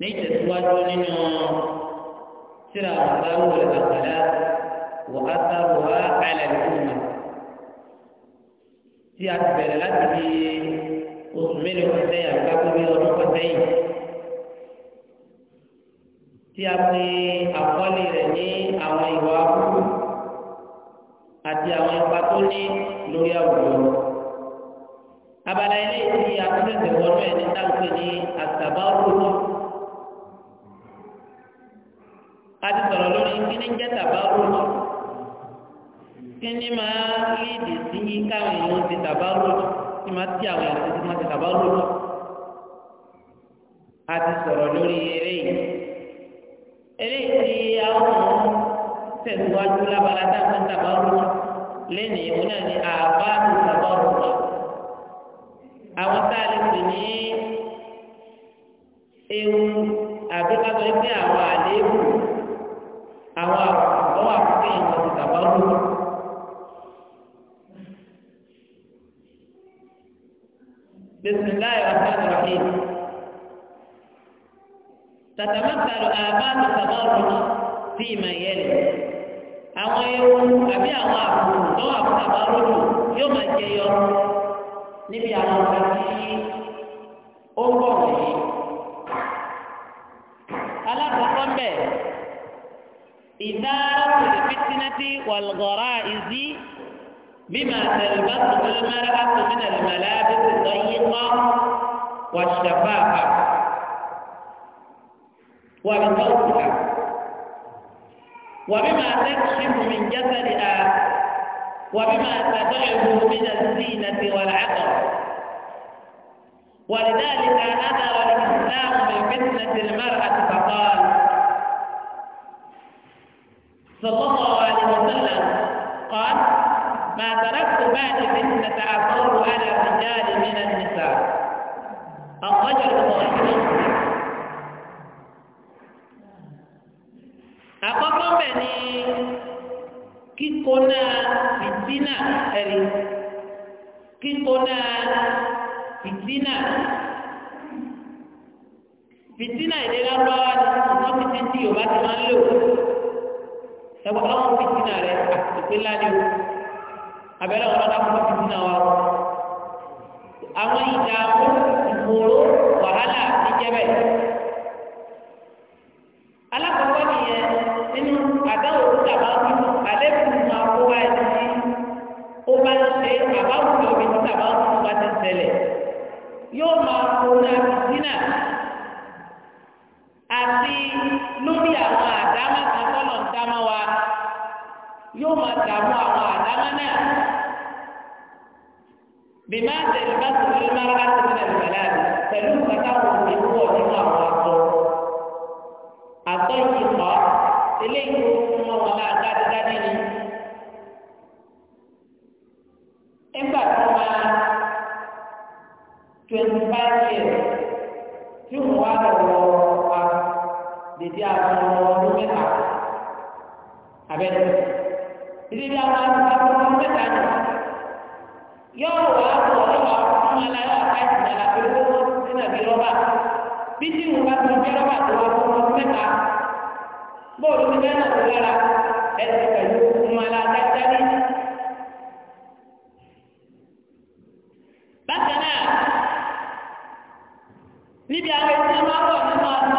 ní ìtẹ̀síwájú nínú síra àbáwò àgbàdá wà á sábò wá àìlẹ̀ ìfúnmi tí a ti bẹ̀rẹ̀ láti fi oṣù mélòó kan sẹ́yìn àgbà gbogbo ọdún kan sẹ́yìn tí a pe àkọlé rẹ̀ ní àwọn ìwà àbúrò àti àwọn ipa tó ní lórí àwùjọ. abala ilé tí a tún lè tẹ̀wọ́nú ẹ̀ ní táwọn ní àtàbà òkúta a ti sọ̀rọ̀ lórí kíní jẹ́ tàbárùjù kíní máa léèdè sí káwọn èèyàn ti tàbárùjù kí máa tí àwọn èèyàn ti máa ti tàbárùjù a ti sọ̀rọ̀ lórí eré yìí eré tí àwọn tẹ̀síwájú lábala táwọn tàbárùjù lẹ́nu ìwọ náà ni àbá ti tàbárùjù àwọn tá a lè pè ní ewu àbíkájọ pé àwọn àléébù àwọn àwọn àfikún yìí wọ́n ti tàbá lóko. bisimilayi rahman rahim tatamakalu abamu tabaruki fi ma yẹlẹ àwọn ewu àbí àwọn àbùkù tó wà fún tabaruki yóò máa jẹyọ níbi àwọn ọ̀gá tí ó ń bọ̀ wọ̀nyí. alákọ̀ọ́kọ́ mbẹ́. إثارة الفتنة والغرائز بما تلبسه المرأة من الملابس الضيقة والشفافة ومن وبما تكشف من جسدها وبما تدعه من الزينة والعطر ولذلك أثر الإسلام من المرأة فقال صلى الله عليه وسلم قال ما تركت بعد فتنة أفر على رجال من النساء أخرجه البخاري àkọ́kọ́ bẹ̀ ni kíkóná fìtínà ẹ̀rí kíkóná fìtínà fìtínà ìdílábáwá ni wọ́n fi ti di Yorùbá ti máa ń lò ẹ̀wọ̀n ọlọ́run fi jìnnà rẹ̀ àtìpé lálẹ́ o abẹ́rẹ́ ọlọ́run fi jìnnà wa o àwọn ìjà ìmòró wàhálà níjẹ́bẹ̀. alákọ̀ọ́kọ́ nìyẹn nínú àdáwò tó dàbá wí àlékún máa kó wá ẹni tí ó bá ń ṣe àbáwùjọ mi tó dàbá wí tó bá ti ń yóò máa kó náà fi jìnnà àti lórí àwọn àdámá kan tọ́lọ̀ ń dámá wa yóò máa dààmú àwọn àdámá náà bìmá tẹ̀lé bá tó lórí máa bá tó lórí àgbàlá pẹ̀lú kàtà òkè púpọ̀ nínú àwọn àtọ̀ àtọ̀ yìí kọ́ eléyìí tó fún wọn wọn náà dáadáa ní. nígbà tó máa twenty five years tí wọ́n wá lọ́wọ́ dèdè àwọn ọmọ ọdún mẹ́ta abẹ́rẹ́ dèdè àwọn ọmọ ọdún mẹ́ta ni yóò wá wọ ọlọ́wà fún aláyọ̀ àkáìsì náà pẹ̀lú owó sínú ẹ̀mí rọ́bà bí tí mo bá tún bí rọ́bà tó wà fún ọdún mẹ́ta bóòlù mi bẹ́ẹ̀ náà tó lára ẹ̀sìn pẹ̀lú ọmọ aláàtẹ́tẹ́ ní. bákan náà níbi àwọn ètò ìmọ̀ ọ̀pọ̀ nínú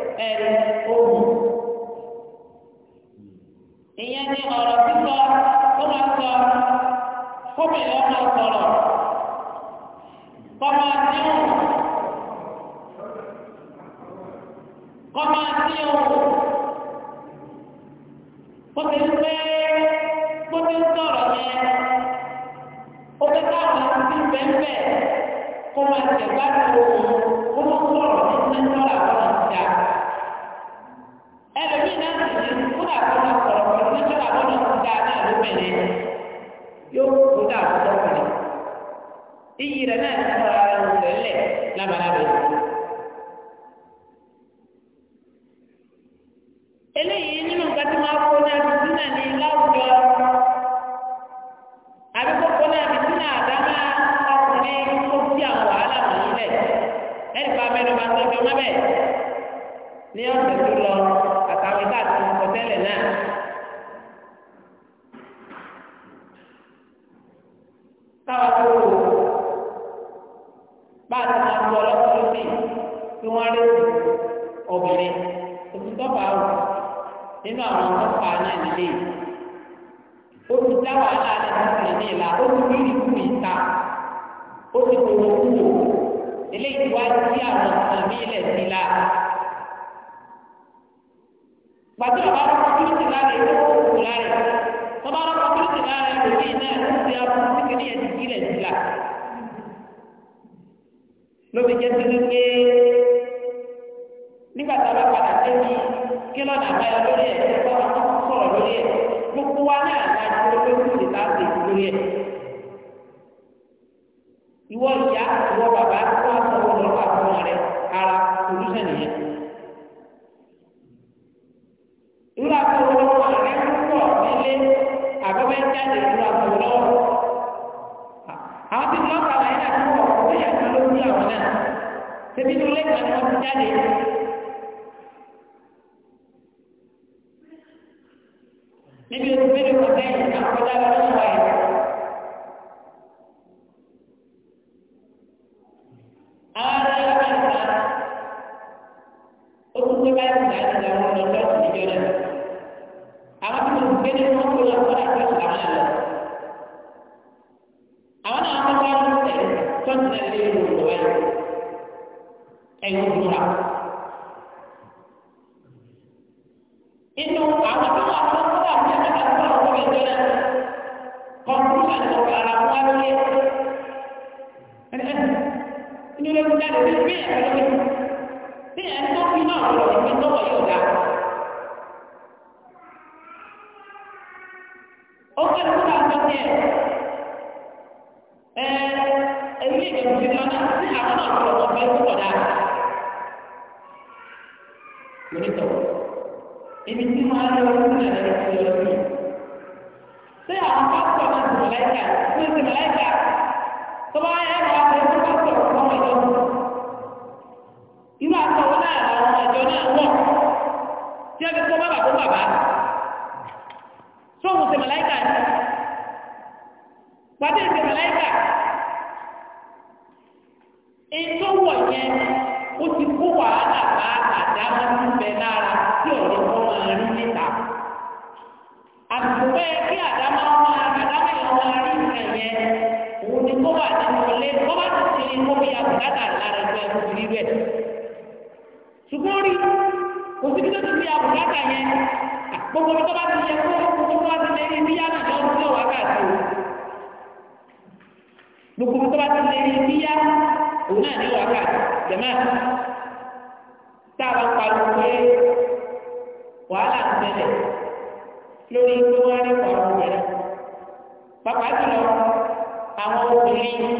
ẹ̀rí ohun. ìyẹn ni ọ̀rọ̀ sísọ ó máa sọ kóbìnrin ọmọ sọ̀rọ̀ kọ́má sí ohun kọ́má sí ohun kó ti pé kó ti sọ̀rọ̀ yẹn ó fẹ́ káwọn ti bẹ́ẹ̀ bẹ́ẹ̀ kó máa tẹ̀ bá tó ohun kó máa sọ̀rọ̀ ní sẹ́ńtọ́rà kọ́má sí àgbà. àtọ́nà sọ̀rọ̀ pẹ̀lú nítorí àtọ́nà tó dáa náà lóbìnrin yóò kó dáa tó tọ́kùnrin iyì rẹ̀ náà ti sọ̀rọ̀ ara rẹ̀ lẹ̀ lábalábẹ́ ìyá ìwọ bàbá tó wà fún ọmọ lọ́wọ́ àfọmọ rẹ ara solúṣẹ̀ nìyẹn. irú àfọwọ́ lọ́wọ́ rẹ púpọ̀ nílé àbẹ́bẹ́ jáde irú àfọwọ́ lọ́wọ́. àwọn tí wọ́n kàwé náà púpọ̀ ó yà kí ló ń bí àwọn náà. ṣèbí ní ilé kan ni wọ́n ti jáde. lè rí bíyá náà lọ sí ọ̀wá káàkiri gbogbo tó bá ti lè rí bíyá òun náà ní ọ̀wá káàkiri jẹ̀mọ́ tá a bá pariwo pé wàhálà ń tẹ̀lẹ̀ lórí pé wọ́n rí ọ̀rọ̀ rẹ̀ pàpà jùlọ àwọn obìnrin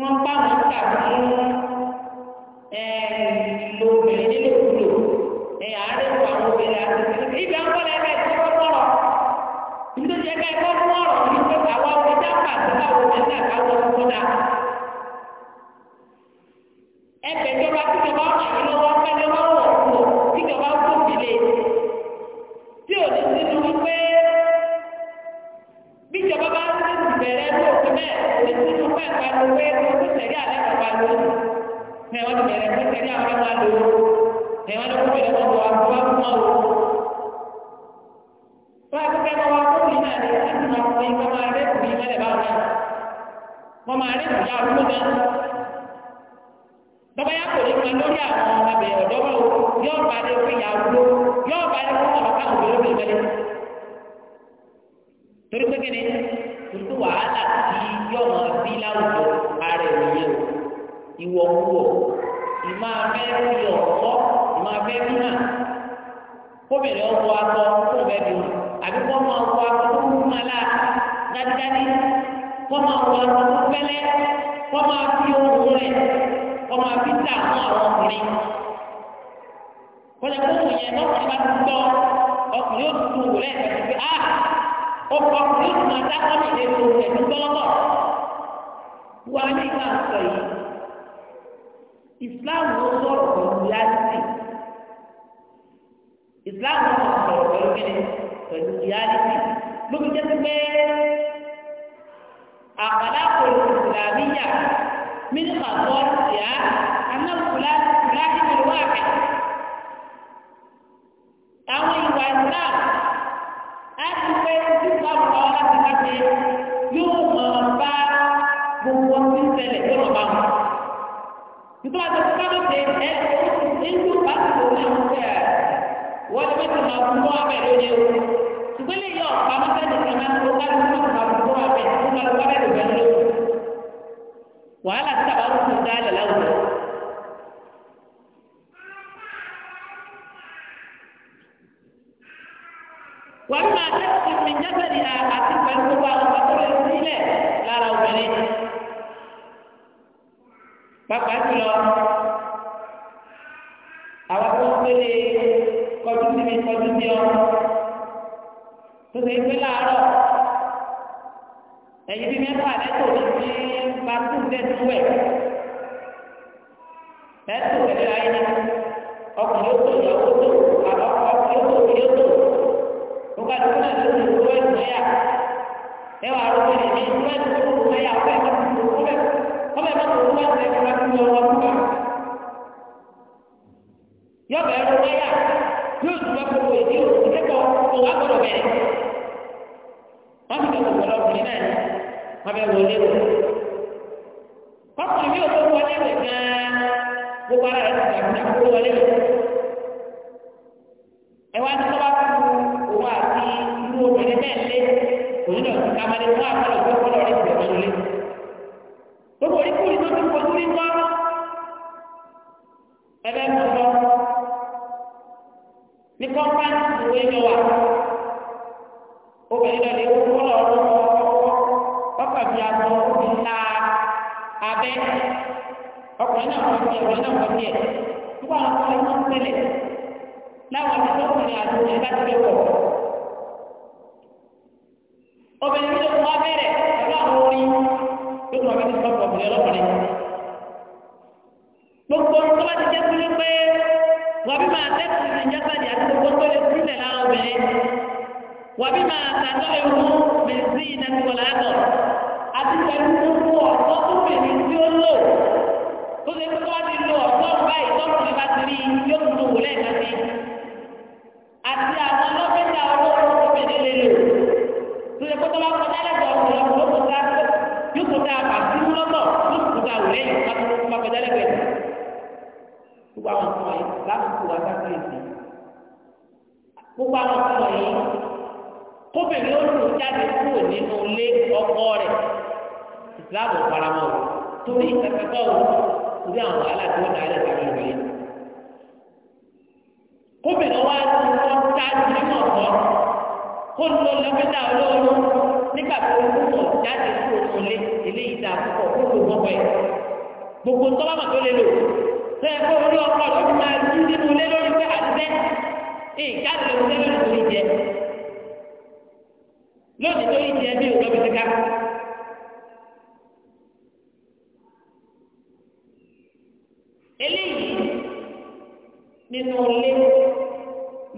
wọ́n bá wọn tàbí ẹ̀ẹ́ àdéhùn àwọn obìnrin àti ìpínlẹ̀ ibi àwọn ọ̀la ẹ̀ka ẹ̀kọ́ tó kọ̀rọ̀ ibi tó ti ẹ̀ka ẹ̀kọ́ fún ọ̀rọ̀ ní pé àwa obìnrin náà pàṣẹ láwọn obìnrin náà káwọn ọkọ náà. ẹgbẹ́ ìjọba tíjọba ọ̀nà yìí lọ́wọ́ pẹ́lẹ́ lọ́wọ́ òkú tíjọba ó tóbi lé tí ò ní sínú wípé bíjọba bá ń sínú bẹ̀rẹ̀ lóòótọ́ bẹ́ẹ̀ ò ní sínú pẹ́ẹ́pẹ́ lówó ẹ̀kọ́ tó tẹ̀lé àlẹ́ ẹ̀wọ̀n ló kó ìlú ọ̀dọ̀ àbúrò àbúrò wò. Tó àkókò ẹ̀kọ́ wa kó yìí náà lè láti máa fún yín kọ́ máa rẹ́kùn yín mẹ́lẹ̀ bá wọn. Wọ́n máa rẹ́kùn yá àbúrò náà. Bọ́bá yá kò ní kan lórí àwọn abẹ̀ ọ̀dọ́ wọn o, yóò bá dé fún ìyá àbúrò, yóò bá dé fún ọmọ abẹ́ dúnà kóbìnrin ọkọ akọ kó bẹ́ẹ̀ dùn àbí kọ́ máa wọ akọ tó kú máa la dájúdájú kọ́ máa wọ akọ tó pẹ́lẹ́ kọ́ máa fi ohun rẹ̀ kọ́ máa fi tà fún àwọn ọkùnrin kọ́jà kó wù yẹn lọ́kùnrin bá ti gbọ́ ọkùnrin yóò tún wò lẹ́ẹ̀kan ah! tó fi á ọkọ̀ ọkùnrin yóò tún máa dákọ́ ní ilé tó rẹ̀ ní gbọ́lọ́gbọ́ wọ́n á ní ká sọ yìí ìsìláàmù ló sọ̀rọ̀ pẹ̀lú yáàtì islam náà wọ́n sọ̀rọ̀ pẹ̀lú kíni pẹ̀lú ìyáàdìsí ló fi jẹ́ sí pé àkàlà kò ìsìlámíyà mínísà tó á ọbẹ̀ ní ìjọba wa bẹ̀rẹ̀ pẹ̀lú àwọn orin yóò máa bẹ̀rẹ̀ sọ́kọ̀ ọ̀bìnrin ọlọ́kùnrin. gbogbo tó bá ti jẹ́ sí wípé wà bí máa tẹ́sí ní jásàdì àti gbogbo tó lè sílẹ̀ lára obìnrin wà bí máa tàtọ́ ewu mẹ́sì ìdánilọ́lá àtọ̀ àti pẹ̀lú gbogbo ọ̀tọ́ tó bèrè tí ó lò tó ṣe tó wá ti lo ọ̀tọ́ báyìí tọ́kùnrin bá ti yóò tún lò wọlé ìgbà sí àti àwọn ọlọ́pẹ́ta ọlọ́run tó bèrè lè lò yẹ kó tó bá kọjá lẹ́gbẹ̀ẹ́ ọ̀pọ̀lọpọ̀ ló kó tá yóò kó tá àbúrú lọ́tọ̀ yóò kó tá òlẹ́ yìí ká tó kó bá kọjá lẹ́gbẹ̀ẹ́ gbogbo àwọn ọmọ yìí lásìkò wa sáfì èsì gbogbo àwọn ọmọ yìí kóbìnrin ó lò jáde kúrò nínú ilé ọkọ rẹ̀ ìsìláàmù paramọ torí ìtẹ̀kẹ́kọ̀ wò torí àwọn wàhálà tí wọ́n dáa lẹ́sẹ̀ àwọn ìròyìn kóbìnrin wa ti kó lọ lọ́kítà olóorun nígbà tó ń kúrò jáde kúrò nílé eléyìí dà púpọ̀ kó lò mọ́kọ ẹ̀ gbogbo tó bá mà tó lè lò tó ẹ kó orí ọkọ rẹ fi máa dí nínú ilé lórí pé àtijọ́ ee káàdì lè fi lórí torí lónìí torí jẹ bí òkè bí ká. eléyìí nínú ilé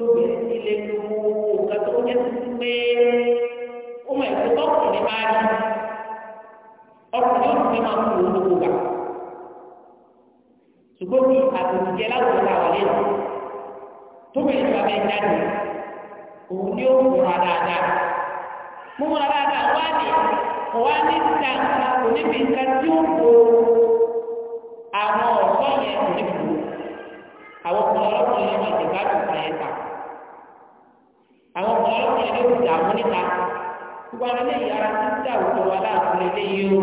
lóbìnrin ti lè lu owó kátó ó jẹ́ tuntun pé ó mọ̀ ẹ̀kọ́ tọkùnrin máa rí ọkùnrin ọ̀sùn máa kú olówó gbà ṣùgbọ́n bí àtòjìjẹ láwùjọ la wà lẹ́nu tóbìnrin bá bẹ́ẹ̀ jáde òun ni ó múra dáadáa múra dáadáa wá ní wá ní ìta oníbi nǹkan tí ó kó àwọn ọ̀ṣọ́ yẹn oníbi àwọn ọkùnrin yẹn máa ti gbádùn ẹ̀ka àwọn ọmọ ọlọ́pàá yẹn ló dà wọ́n níta gbogbo àwọn eléyìí ara ti ń dà wọ́n wá láàbùrẹ́ eléyìí o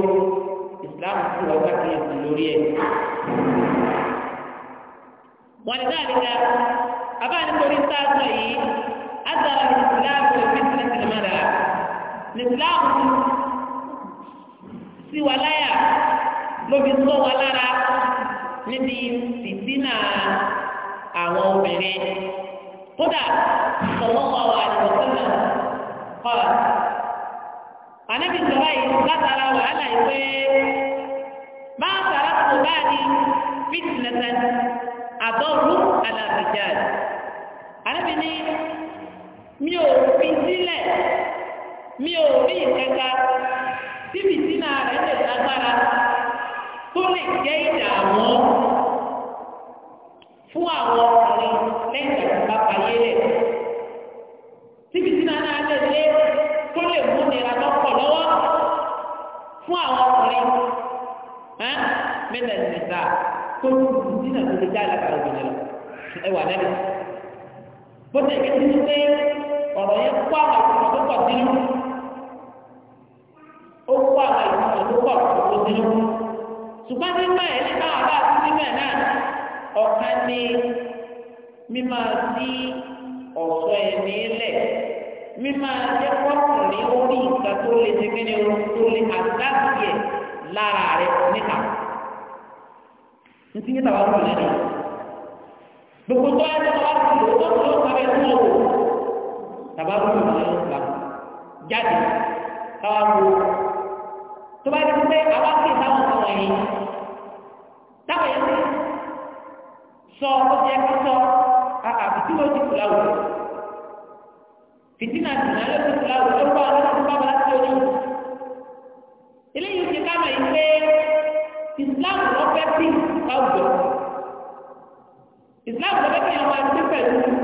ìsìláàmù ti wà wá sí ẹ̀sìn lórí ẹ̀. wọ́n ní náà níta bàbá nítorí sáàtọ̀ yìí ádàlà ní ìsìláàmù ìfísìlẹ̀ tìlímọ̀dà ní ìsìláàmù sí wa láyà ló fi sọ wa lára níbi fìtínà àwọn obìnrin kódà sallallahu alaihi wasallam kọ́lá. ànábì sọ̀rọ̀ yìí látara wàhálà yìí pé máa tààrà kò bá ní fitnatan àdọ́rù alàbìjáde. ànábì ní mi ò fi sílẹ̀ mi ò rí ìkẹta tí fìtínà rẹ̀ lè lágbára tó lè jẹ́ ìdààmú fún àwọn ọkùnrin lẹ́yìn ìgbà tó bá fàyè rẹ̀. Tíbi tí náà náà lè lé tó lè mú nira lọ́pọ̀ lọ́wọ́ fún àwọn ọkùnrin. Mẹ́ta ìgbà tó kù tí náà tó lè dá ìlàkà òbí lọ. Ẹ wà lẹ́nu. Bó ti ẹ̀kẹ́ tuntun pé ọ̀rọ̀ yẹn kó àwọn ìtumọ̀ tó pọ̀ sínú. Ó kó àwọn ìtumọ̀ tó pọ̀ sínú. Ṣùgbọ́n nínú ẹ̀ nígbà wà bá ti nínú ẹ̀ náà ọ̀kan ní mímá sí ọ̀sọ́ ẹ̀mí lẹ̀ mímá jẹ́ kọ́kùnrin orí nǹkan tó lè ṣe kí ni ohun tó lè àdáàbì ẹ̀ lára rẹ̀ níta. ní ti ní tàwa kù lẹ́nu gbogbo tó ẹ̀ tó wá sí lò ó tó sábẹ́ tó lò ó tàwa kù lẹ́nu gbà jáde tàwa kù tó bá ti pé àwa kì í ọmọ yìí táwọn yẹn ti. sọ ó jẹ sọ àbùtí wo ti kula wò fìtínà tì náà ló ti kula wò ló kọ́ àwọn bàbá eléyìí ti ká pé islam ló fẹ́ bí àwùjọ islam ló fẹ́ bí àwọn àti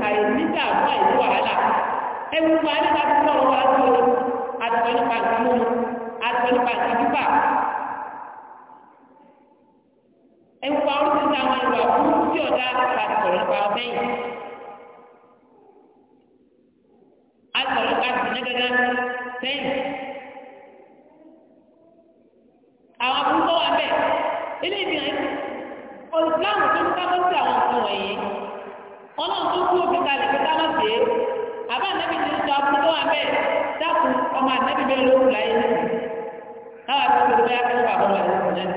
àìníjà àbúrò àìní wàhálà ẹ̀wùpá oríṣiríṣi àwọn ìwà fún tí ọ̀dà àtọ̀rọ̀ nípa ọ̀bẹ́yìn. àtọ̀rọ̀ nípa ìdílé gẹ́gẹ́ sẹ́yìn. àwọn abúlé wà bẹ́ẹ̀ ilé ìgbìyànjú olùsíláàmù tó ń sábọ́ sí àwọn nǹkan wọ̀nyí ọlọ́run tó kú òfin kalẹ̀ pé káwọn ṣe é àbá ànábì ti sọ abúlé tó wà bẹ́ẹ̀ dákun ọmọ ànábì bẹ́ẹ̀ ló kù láyé nínú káwọn àti ìṣòro bẹ́ẹ̀ á fẹ́ bàbá wọn náà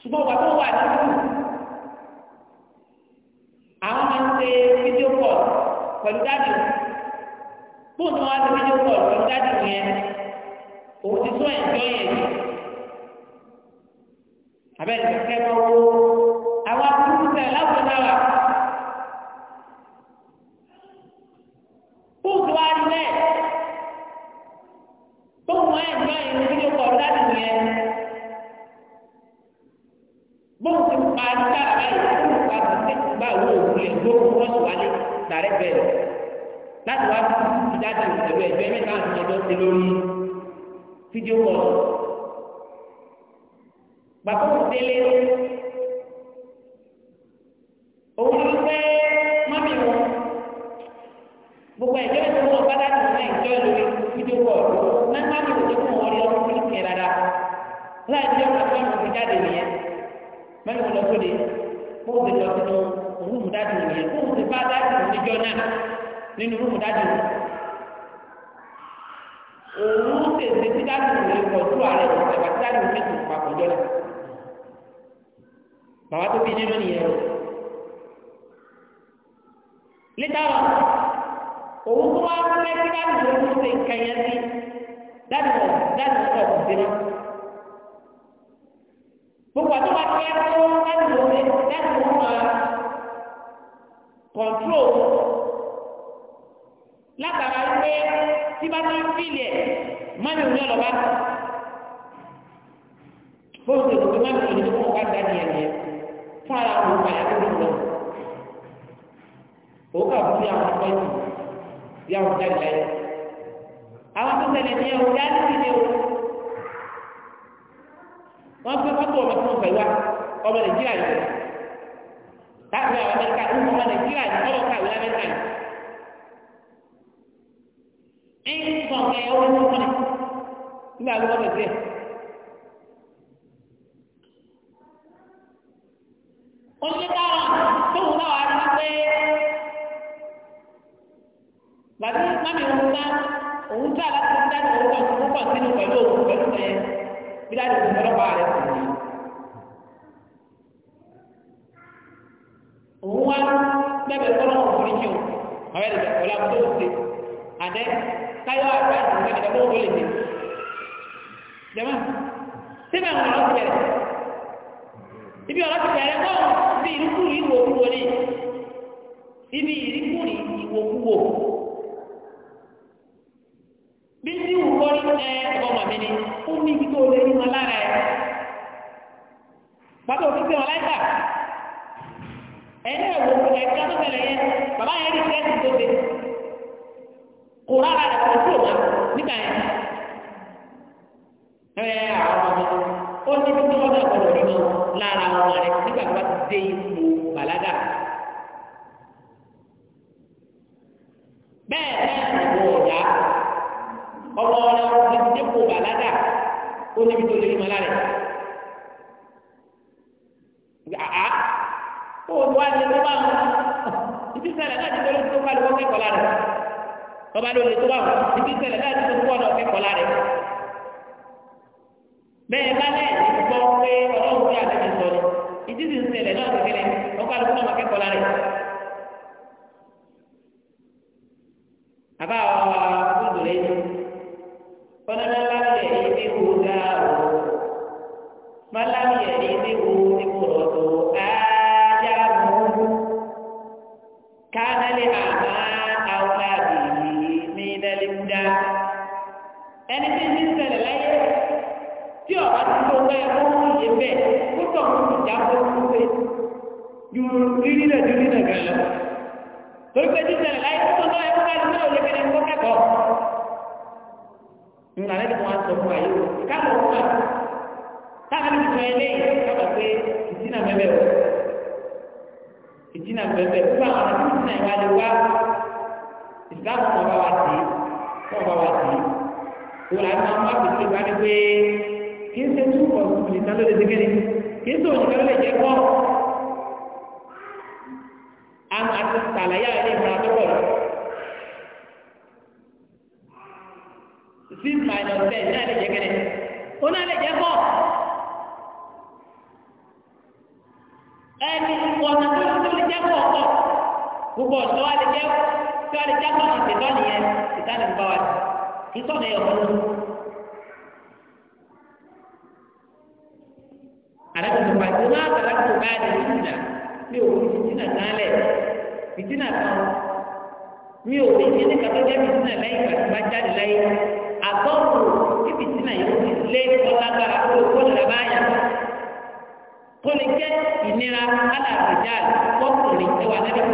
ṣùgbọ́n wà tó wà nínú àwọn máa ń ṣe fídíò kọ̀ pẹ̀lú dáàbì fóònù wa ti fídíò kọ̀ pẹ̀lú dáàbì yẹn òun ti tó ẹ̀jọ́ yẹn abẹ́rẹ́ kẹ́kẹ́ ẹgbẹ́ mẹ́ta àti ọjọ́ ti lórí fídíò kọ́ọ̀lù. bàbá òun délé òun ló fẹ́ mọ́mí wọn gbogbo ẹgbẹ́ tó wọn bá dáná náà ìjọ lórí fídíò kọ́ọ̀lù náà má mi ò tó fún wọn lọ sí ìkẹ́ rárá láì jẹ́ wọn fẹ́ mọ̀ sí jáde nìyẹn mẹ́rin wọn lọ sóde kó o ti lọ sínú rúùmù dájú nìyẹn kó o ti bá dájú níjọ náà nínú rúùmù dájú nìyẹn òun tètè tí dáàbò lè kọjú ààrẹ ìwọ̀n ẹ̀wà tí dáàbò lè tó papọ̀ jọ náà bàbá tó bí nínú nìyẹn o lẹ́tà wọn òun tó wá fẹ́ tí dáàbò lè tó ṣe nǹkan yẹn sí dáàbò dáàbò tó kù sí náà gbogbo àti wọn fẹ́ tó dáàbò lè dáàbò lè máa kọ̀ntró látara wípé tí bá ti ń fìlẹ̀ mọ́nì òun lọ́lọ́ bá bóun tó gbogbo mọ́nì òun ló wá dá ní ẹ̀yẹ fún ara òun pàyà tó lò òun kà fún bí àwọn ọmọ ẹ̀sìn bí àwọn jáde láyé àwọn tó ṣẹlẹ̀ ní ẹ̀wọ̀n yá sí ilé o wọ́n gbé fọ́tò ọmọ tó ń fẹ́ wá ọmọ nàìjíríà yìí láti rí àwọn amẹ́ríkà ń mọ ọmọ nàìjíríà yìí ọmọ kàwé amẹ́ríkà yìí. ọmọ yẹn wọ́n tó kúnà nígbà tó wọ́n bẹ̀ oníkàrà tóun náà wà ní pé bàbá mami òun ká òun tó àlàkà ń dáná òun kan tó kàn sínú pẹ̀lú òun pẹ̀lú ẹ̀ bí dájú òun ọlọ́pàá rẹ̀ kù ní. òun wá bẹ́ẹ̀ bẹ́ẹ̀ kọ́ lọ́wọ́ òun ní kí o ọ̀rẹ́ rẹ̀ kọ́ lábúlé òun ṣe àdẹ́ káyọ̀ àgbà ìdìbò ìdìbò tó wọlé mi. jẹ́mọ́ síbẹ̀ àwọn ọ̀rọ̀ ti bẹ̀rẹ̀ ibi ọ̀rọ̀ ti bẹ̀rẹ̀ kọ́ ibi ìrúkúrú ìwò owó ni ibi ìrúkúrú ìwò owó. bí tí wù kọ́ ẹ ọmọ mi ni ó ní ibi tó lé ní wọn lára ẹ. bàbá òfin fi wọn láìka ẹ̀yìn ẹ̀wò ẹ̀ka tó bẹ̀rẹ̀ yẹn bàbá yẹn rí sẹ́ẹ̀sì tó dé. kò rárá rẹ̀ kò tó wọn nígbà yẹn ẹ àwọn ọmọ ó ní bí wọn náà gbọ́dọ̀ nínú lára ọmọ rẹ̀ nígbà tó bá ti dé ipò bàlágà bẹ́ẹ̀ náà ìwọ ọjà ọmọ rẹ̀ ó ti dé ipò bàlágà ó níbi tó lè rí màlá rẹ̀ àá kó o wá ní lọ́wọ́ àwọn ìdí sẹ́lẹ̀ láti lọ́wọ́ tó kálukọ́ tọ́ba ló lè tó wà wọ́n ibi tẹ̀lẹ̀ láti tó kọ́ ọ̀dọ̀ kẹ́kọ̀ọ́ lára rẹ̀. bẹ́ẹ̀ bá lẹ̀ gbọ́ pé ọlọ́run bí àtẹ̀jẹ̀ sọ̀rọ̀ ìdí sì ń tẹ̀lẹ̀ náà kékeré ọkọ̀ àlùkò náà kẹ́kọ̀ọ́ lára rẹ̀. àbá ọ̀dọ̀ rẹ̀ yìí kọ́nọ́dá lábẹ́ ilé wo dá o málábìyẹ̀ ilé wo ti kọ̀ ọ̀dọ̀ ájá mú tó bá yẹ kó wọ́n yé bẹ́ẹ̀ kó tọ̀ wọ́n ti já bó tó pé ju rírí náà ju nínà gan lọ. torí pé títí náà láyé tó tọ́ ẹ̀kọ́ bá lóore lè kẹ́lẹ́ kó kẹ́kọ̀ọ́. nígbà lẹ́nu wọn sọ fún ayé o káàbọ̀ fún wa táwọn ẹni sọ eléyìí kábà pé ìdínà mẹ́mẹ́ o ìdínà mẹ́mẹ́ o fún àwọn àti ìdínà ìwádìí wá ìsìlámù kan bá wa tì í bá wa tì í. òun làwọn máa ń wá pé kìí ṣe túbọ̀ nìkan ló lè ṣe kéde kìí ṣe òṣìkan ló lè jẹ́ kọ́ àti sàlàyé àti ìmọ̀ràn tó pọ̀ lọ. six minus ten náà lè jẹ́ kéde ó náà lè jẹ́ kọ́. ẹni ọ̀nà tó lè tó lè jẹ́ kọ́ ọ̀kọ́ gbogbo ọ̀dọ́ wa lè jẹ́ kọ́ wa jẹ́ kọ́ ìṣètọ́ nìyẹn ìtọ́nà ẹ̀kọ́ àgbà tí wọ́n àtàrà tó bá yàrá ìdínà mi ò fi ìdínà sálẹ̀ ìdínà kan mi ò fi ìdínà kan tó jẹ́ ìdínà lẹ́yìn ìgbà tí wọ́n jáde láyé àtọ́wò kí ìdínà yìí ti lé ọlágbára tó kó lè bá yà kó lè jẹ́ ìnira alàbẹ̀jáde fọ́kùnrin ẹwà lẹ́yìn.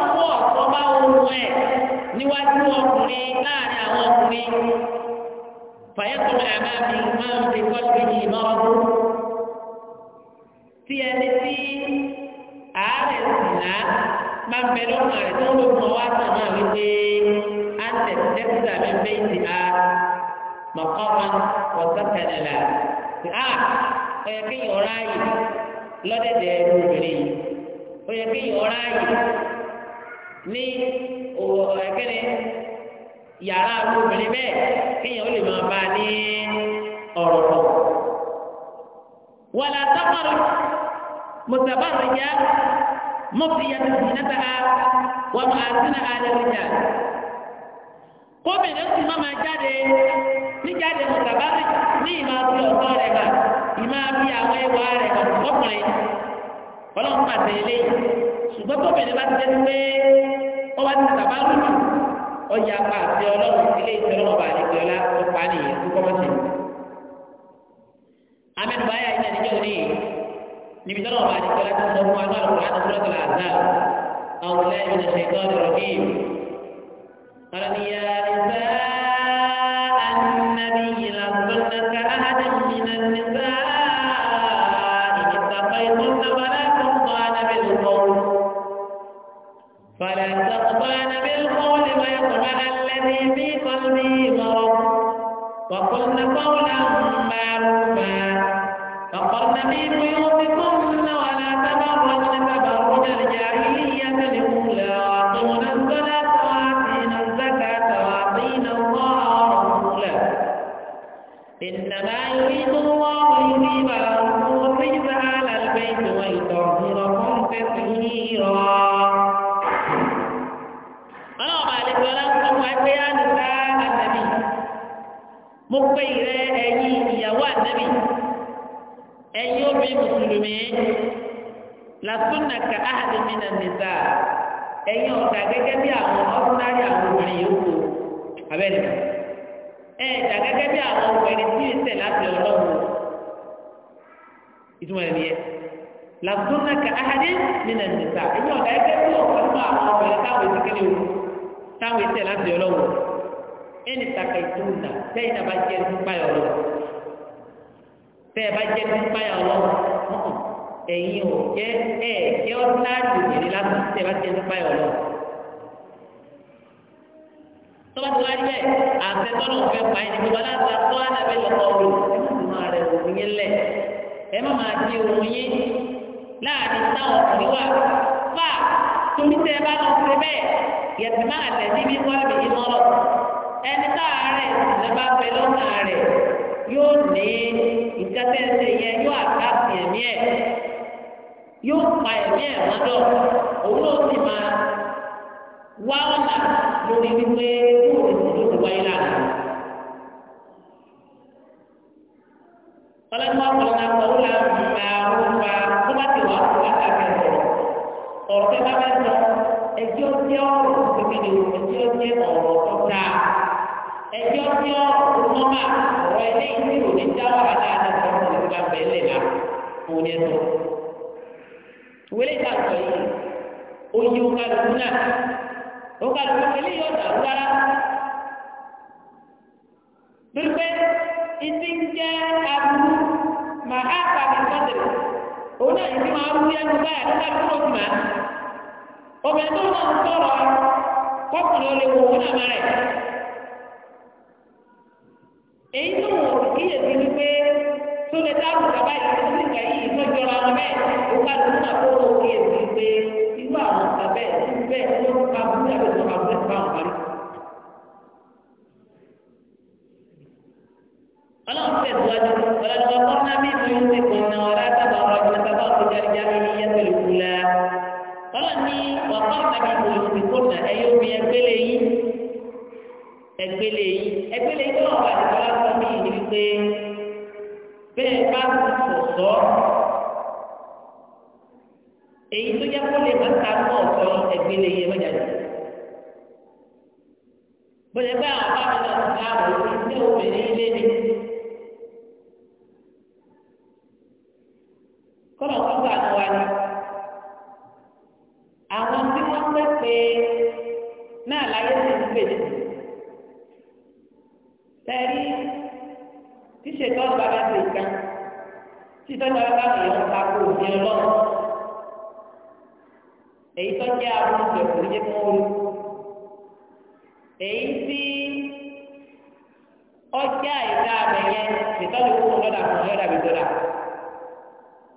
ọkọ ọ̀tọ́ bá ohun ẹ̀ níwájú ọkùnrin láàrin àwọn ọkùnrin fàyẹ́kùn àbá mi máa ń fi kọ́sì ní ìmọ̀ọ́dún tí ẹni tí àárẹ̀ sì ná bá ń bẹ lọ́kàn rẹ̀ tó ń lò fún ọwọ́ àtàn náà wípé á ń tẹ̀sí tẹ́sí tàbí méjì á mọ̀kọ́ máa wọ́n sọ́kẹ̀lẹ̀ là á ẹ̀ kéèyàn ráàyè lọ́dẹ̀dẹ̀ obìnrin ó yẹ kéèyàn ráàyè ní òwò ẹ̀kẹ́ni yàrá obìnrin bẹ́ẹ̀ kéèyàn ó lè máa bá a ní ọ̀rọ̀ rọ̀. wàlá sábàrọ̀ mùsàbàrọ̀ yá mọ̀fìyà tìǹtà ha wà máa sínú alẹ́ ọjà. kóbìnrin sì máa máa jáde níjáde ní ìmáa fi ọ̀tọ́ rẹ̀ hàn ìmáa fi àwọn ẹwà rẹ̀ ọkùnrin ọlọ́run máa tẹ̀lé léyìí ṣùgbọ́n tó bẹ̀rẹ̀ bá ti jẹ́ pé ó bá ti tàbá lùdù ọjà apá àti ọlọ́run ilé ìtọ́lọ́wọ́ bá àlejò ọlá tó pa nìyẹn tó kọ́ mọ́tẹ̀. amẹ́nu báyà ilẹ̀ níjọ́ ní níbi tọ́lọ́wọ́ bá àlejò ọlá tó sọ fún wa náà lọ́wọ́ láti fúlọ́tò àwọn ilé ìrìnàṣẹ́ ìtọ́jú rọ̀ bí ọlọ́niyà nìfẹ́ ànàbí ìlànà يقولن فلا تخضعن بالقول فلا تخضعن بالقول ويطمع الذي في قلبه مرض وقلن قولا معروفا فقرن في بيوتكم ولا تبرجن تبرج الجاهلية الأولى وأعطونا الصلاة وآتينا الزكاة وأعطينا الله ورسوله إنما يريد الله ليذيب عنكم الرجس أهل البيت ويطهركم تطهيرا ọlọ́run bá lè gbọ́dọ̀ ń sọ́kùn ẹgbẹ́ àdìsá ànábì mo pe ìrẹ́ ẹ̀yin ìyàwó ànábì ẹ̀yin ẹ̀ẹ́dà gẹ́gẹ́ bí àwọn ọmọ ẹni tí ń tẹ̀ láti ọlọ́run ìtumọ̀ ẹ̀mí ẹ̀ làbùdóná ka ahadé nínú ẹ̀mẹ́ta ẹ̀mí ọ̀dà ẹgbẹ́ bí ọ̀pọ̀ nínú àwọn ọmọ ẹ̀rẹ́ táwọn èsì kéde òru táwọn èsì láti ọlọ́run ẹni tàkà ìtumùnà tẹ́yìn náà bá jẹ́ ẹni ọlọ́run tẹ́yìn bá jẹ́ ẹni ọlọ́run ẹ̀yin ò jẹ́ ẹ̀ẹ́ jẹ́ ọ́ tọ́ba tó wá yẹ àfẹ tọ́lọ̀ ń fẹ́ pa ẹni tó bá láta tó ànàbẹ́ lọ́kọ̀ ọ̀rọ̀ ìmọ̀ rẹ̀ kò ní lẹ̀ ẹ má máa di ohun yín láàrin táwọn ọkùnrin wà fà torí tẹ bá lọ sí bẹ́ẹ̀ yẹtì máa tẹ̀ sí bí wọ́n mi yín lọ́rọ̀ ẹni táàárẹ̀ lẹ bá fẹ́ lọ́nà rẹ̀ yóò ní ìtẹ́tẹ́sẹ̀ yẹn yóò àgbà sí ẹ̀mí ẹ̀ yóò pa ẹ̀mí ẹ̀ mọ́dọ̀ wá ọ̀nà lórí wípé yóò lè tẹ̀lé òkú wáyé láàrin. ọlọ́gbọ́n ọ̀pọ̀lọpọ̀ àgbọ̀wò la máa ń fa tó bá ti wà fún wákà bẹ̀rẹ̀ ọ̀rọ̀ tẹ́ bá bẹ́ẹ̀ sọ ẹjọ́ jẹ́ ọ̀rọ̀ òkèké ni ẹjọ́ jẹ́ ọ̀rọ̀ tó ta ẹjọ́ jẹ́ ọ̀rọ̀ nọ́mà ọ̀rọ̀ ẹlẹ́yìn tí ò ní dá wàhálà àtàkùn ìgbà bẹ́ẹ̀ lẹ̀ wọlé ìta sọ yìí oyún kálukú náà ó ká ló pé eléyìí ọ̀dà rárá pípé ìdí ń jẹ́ aburú màá á pàmì sọ́tẹ̀ òun náà ìdí máa wú ẹnu báyà nígbà tí wọ́n ti máa obìnrin tó náà ń sọ̀rọ̀ kọ́kùnrin ó wò ó nàmá rẹ̀ èyí tó wò ó kíyèsí ni pé tó lè dáàbò bàbá ìdílé nígbà yìí tó jọra wọn bẹ́ẹ̀ ó ká ló ń sọ̀rọ̀ kó o kíyèsí pé irú àwọn ọ̀sán bẹ́ẹ̀ tí bẹ́ẹ̀ tó ń pa búrú àti tó ń pa búrú pa àwọn parí. ọlọ́run tẹ̀síwájú ọlọ́dún ọkọ náà bí ìlú yóò ti kàn náà ọ̀rá sábà ọ̀rọ̀ ìjọba sábà ọ̀rọ̀ járíjárí yẹ́ pẹ̀lú kúlá. ọlọ́run ní ọ̀pá ìpàdé ìlú ti kó nà ẹ̀yọ́ mi ẹgbẹ́lẹ̀ yìí ẹgbẹ́lẹ̀ yìí ẹgbẹ́lẹ̀ yìí tó èyí tó yẹ kó lè má ta mọ́ ọ̀tọ̀ ẹ̀gbin lè yẹ mọ́jà jù bọ́lẹ̀ bá àwọn bá mi lọ sí ààbò ilé obìnrin ilé ni kọ́nà tó gbà ní wa ni àwọn tí wọ́n pẹ́ pé náà láyé ti ń pè ní tẹ̀rí tíṣe tó ń bá bá ti gbà títọ́jú ọlọ́pàá mi yọ̀ ń ta kó òfin ọlọ́run èyí tó jẹ́ àrùn ìgbẹ́ kò ní jẹ́ kí wọ́n rí èyí tí ọjà ìdá abẹ yẹn ìtọ́jú kúrò lọ́dà fún lọ́dà bí dọ́là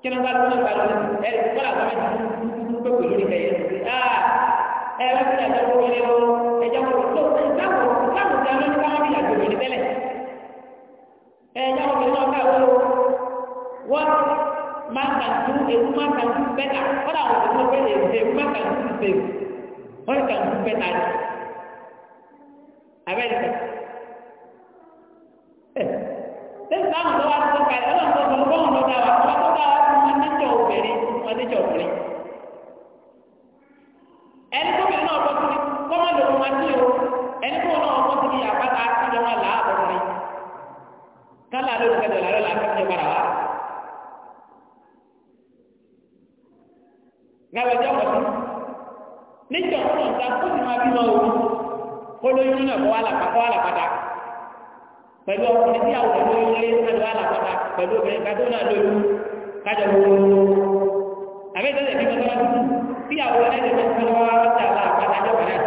kí ló ń bá tó ń bá lọ ẹ ẹ kọ́lá tó ń bá tó ń pè pè lórí ìgbẹ́ yẹn sí á ẹ wọ́n ti dàgbà wọ́n lé o ẹ̀jẹ̀ wọ́n tó ìgbàwọ̀ ìgbàwọ̀ ti àwọn ìgbàwọ̀ bí làgbè wọ́n ní tẹ́lẹ̀ ẹ̀jẹ̀ wọ́n ti lọ́ọ́ man can do, a woman can do better. What I was going to say is a woman can do the same. One can do better. I read it. This man was always so kind. Everyone was so wrong about that. What was that? One nature of very, one nature of very. Ẹni tó bẹ̀rẹ̀ náà bọ́sí ni kọ́mọ̀ ló ń wá sí o. Ẹni tó náà bọ́sí ni àpáta àti ìjọba làá bọ̀sí ni. Kálá ló ń kẹ́tọ̀ làlọ́ làá fẹ́ fi gbàgbẹ́jọ́ kọ̀tún níjọ́ fún ọ̀sán kó sì máa bímọ òun kó lóyún náà kó wà lápáta pẹ̀lú ọkùnrin tí àwọn ọ̀dọ́ yóò lé pẹ̀lú alápàtà pẹ̀lú obìnrin kájọ náà lóyún kájọ wọ́n àbẹ́tẹ̀lẹ̀ bí wọ́n tọ́lá tí àwọn ọ̀dọ́ yóò lé pẹ̀lú alápàtà jọ̀kọ̀ náà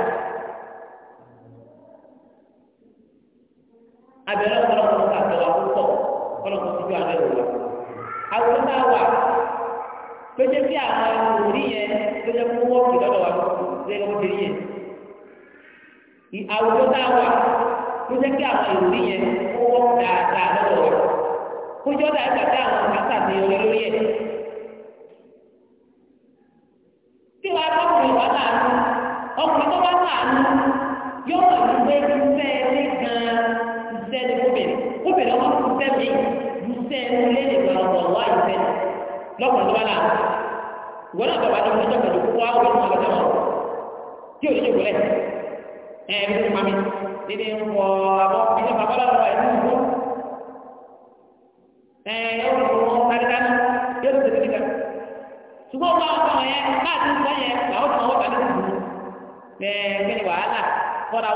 tá a wà ló jẹ́ kí àwọn ìròyìn yẹn ó wọ́n dáadáa lọ́wọ́ wa kójọ́ dáadáa táwọn àtàtì ọ̀rẹ́ lórí ẹ̀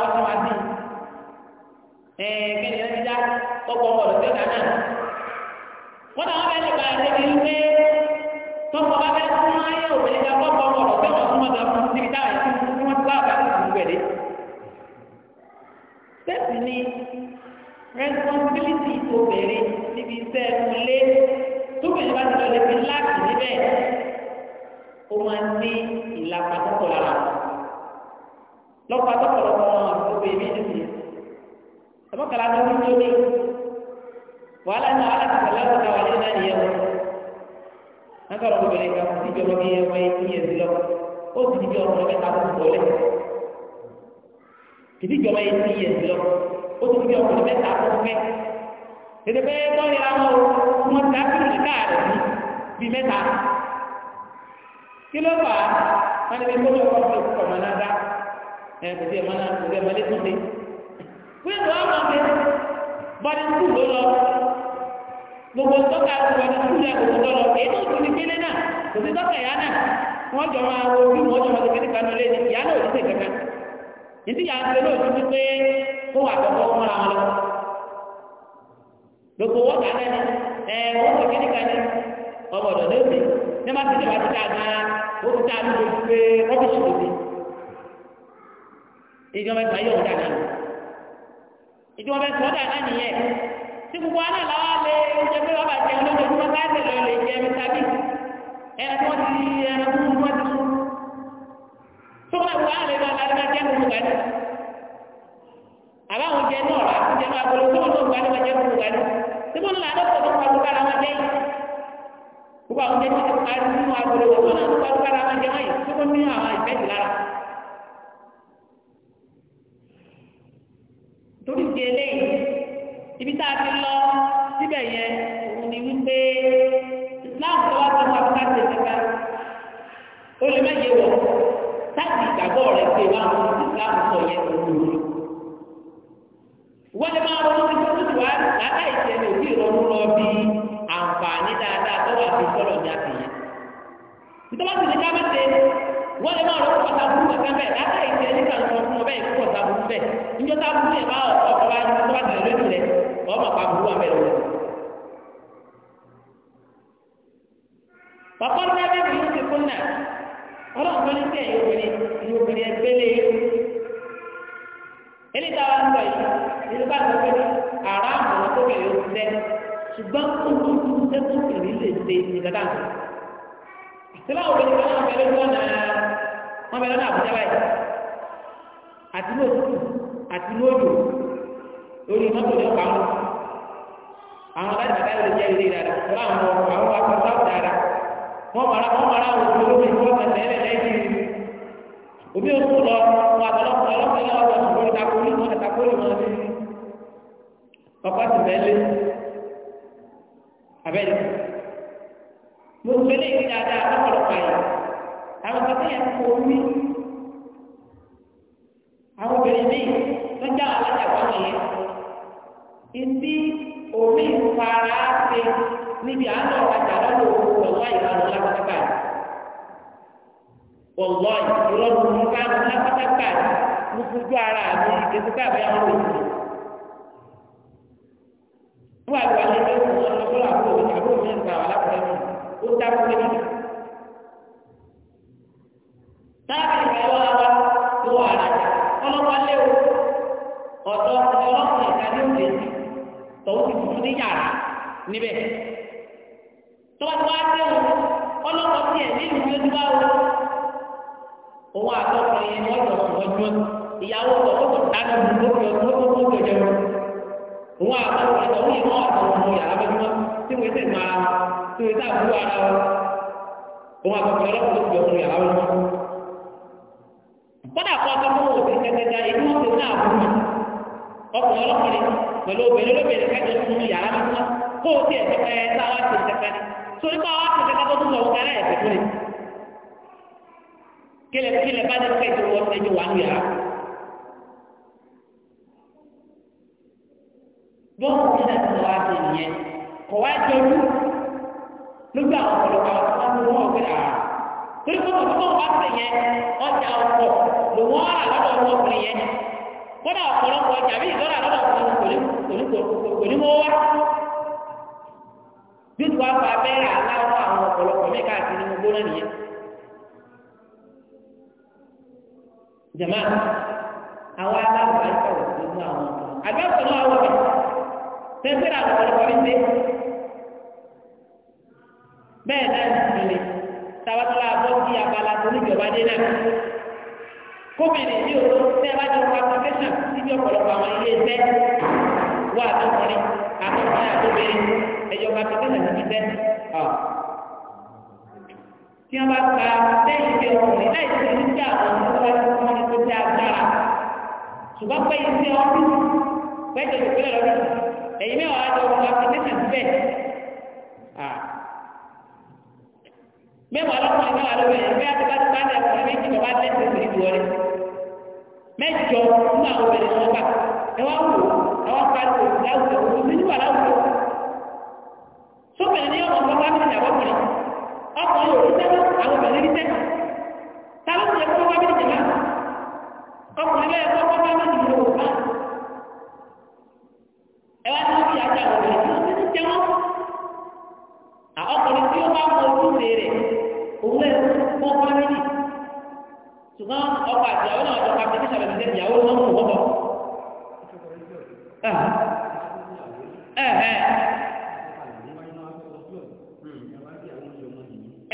wọ́n ti wá sí bọ́dí kù ló lọ gbogbo tọ́ka bọ́dí kù lẹ́ gbogbo lọ èyí tó tún ní kélé náà kò sí tọ́ka ìyá náà wọ́n jọ máa wo bí wọ́n jọ máa tẹ̀lé kan lé ní ìyá náà òdìsẹ̀ kankan ìdí ìyá náà lóòótọ́ ti pé kó wà kọ́kọ́ mọ́ra wọn lọ gbogbo wọ́n kà lẹ́nu ẹ̀ wọ́n tẹ̀lé kan ní ọmọ ọ̀dọ̀ ní òbí ní má ti tẹ̀lé wá ti ta gan ó ti ta lóòótọ́ pé wọ́n fi ṣòwò ìjọba ìgbà yóò dáná ìjọba bẹ sọ dà náà nìyẹn tí gbogbo wa náà làwọn lè jẹ pé bàbá jẹ olójoojúmọ́ káàdì lọ lè jẹ mítàbí ẹnì tí wọn ti ẹnì tí wọn ti sùn tó wọn wà lè máa lárí máa jẹ gbogbo gàdí àbáwọn jẹ náà rà jẹ máa gbolo tó wọn náà wà lè máa jẹ gbogbo gàdí tí wọn là lọ sọ́dọ̀ pàtó kára wọn jẹ yìí gbogbo àwọn jẹ tí wọn ti parí nínú wọn náà tó jẹ wọn yìí tó wọn ní àwọn ìfẹ́ torí ele eléyìí ibi tá a ti lọ síbẹ̀ yẹn òun ni wípé Islam tó wá tó wá ká ṣe kíkà ó wọ̀ ìgbàgbọ́ rẹ̀ pé wá àwọn Islam sọ yẹn òun lò wọ́n lè máa tó wá látà ìrọ̀rùn lọ bí àǹfààní dáadáa tó wà fi wọ́n lè máa rọ pọ̀tà burú kankan bẹ́ẹ̀ láti ìṣe nígbà tó fún ọ bẹ́ẹ̀ kó pọ̀tà burú bẹ́ẹ̀ níjọ́ tá a burú yẹn bá ọkọ̀ bá yẹn tó bá tẹ̀lé lójú rẹ̀ wọ́n máa pa burú abẹ́ lọ́wọ́. bàbá ọ̀rẹ́ bẹ́ẹ̀ ni yóò ti kún náà ọlọ́run tó ní sí ẹ̀yìn obìnrin ìyẹn obìnrin ẹgbẹ́ lé eléyìí táwa ń bọ̀ yìí nínú bá sọ pé àrà àmọ̀ tó bẹ̀rẹ̀ òṣìṣẹ́ ṣùgbọ́n tó tó tó tó tí báwo ló ti fẹ́ wọn bẹ̀rẹ̀ lọ́nà wọn bẹ̀rẹ̀ lọ́nà àbújá báyìí àti ní òtútù àti ní òjò lórí mọ́tò ní ọ̀pá wọn àwọn aláìsàn akáyọ̀ lè jẹ́ ilé dára wọn àwọn ọkọ̀ àwọn akọ̀ sáwọ̀ dára wọn mara wọn mara àwọn òṣèlú ní ìfowópamẹ́ ojú ara mi ètò káàbẹ̀ àwọn òyìnbó. fi dé bẹ́ẹ̀ náà sì ni tabatala bọ́ sí abala tó níjọba dé náà kómìnì ní o tẹ́ ẹ bá jọ wọ application síbi ọ̀pọ̀lọpọ̀ àwọn ilé iṣẹ́ wọ àtọkùnrin àtọkùnrin àtọkùnrin ẹ̀jọ̀ wọ application síbi iṣẹ́ tí wọ́n bá gba lẹ́yìn ìgbé ọkùnrin láì sí ní sí àwọn ọmọdé wọn ni tó dá agbára ṣùgbọ́n pé iṣẹ́ ọ́fíìsì pẹ́ẹ́jọ ìpínlẹ̀ lọ́dún ẹ̀yin mẹ́wàá jọ wọn application bẹ́ẹ̀ mẹ́wàá lọ́kùnrin mẹ́wàá lọ́wọ́ ẹ̀yìn bẹ́ẹ̀ tó bá ti pàdé ọkùnrin méjì tó bá lẹ́sẹ̀ sí ìdúró rẹ̀ mẹ́jọ nínú àwọn obìnrin wọn gbà ẹ wá wò ẹ wá pariwo láwùjọ òbí nígbà láwùjọ sóbìnrin ní ọmọ ọmọ bá mi ìyàwó ọkùnrin ọkùnrin òbí sẹ́nu àwọn obìnrin rí sẹ́nu ta ló ń yẹ bá ọkùnrin bẹ́ẹ̀ kó bá mi ìjọba ẹ wá sí ibi àti àwọn obìnrin tí wọ́n ti jẹ wọ́n. àọkùnrin tí ó bá mọ ojúṣe rẹ̀ òun ẹ̀ mọ́ fámìlì ṣùgbọ́n ọkọ àti ìyàwó náà ọkọ àti ìṣàlẹ̀ ìṣẹ́ ìyàwó náà mú wọ́pọ̀.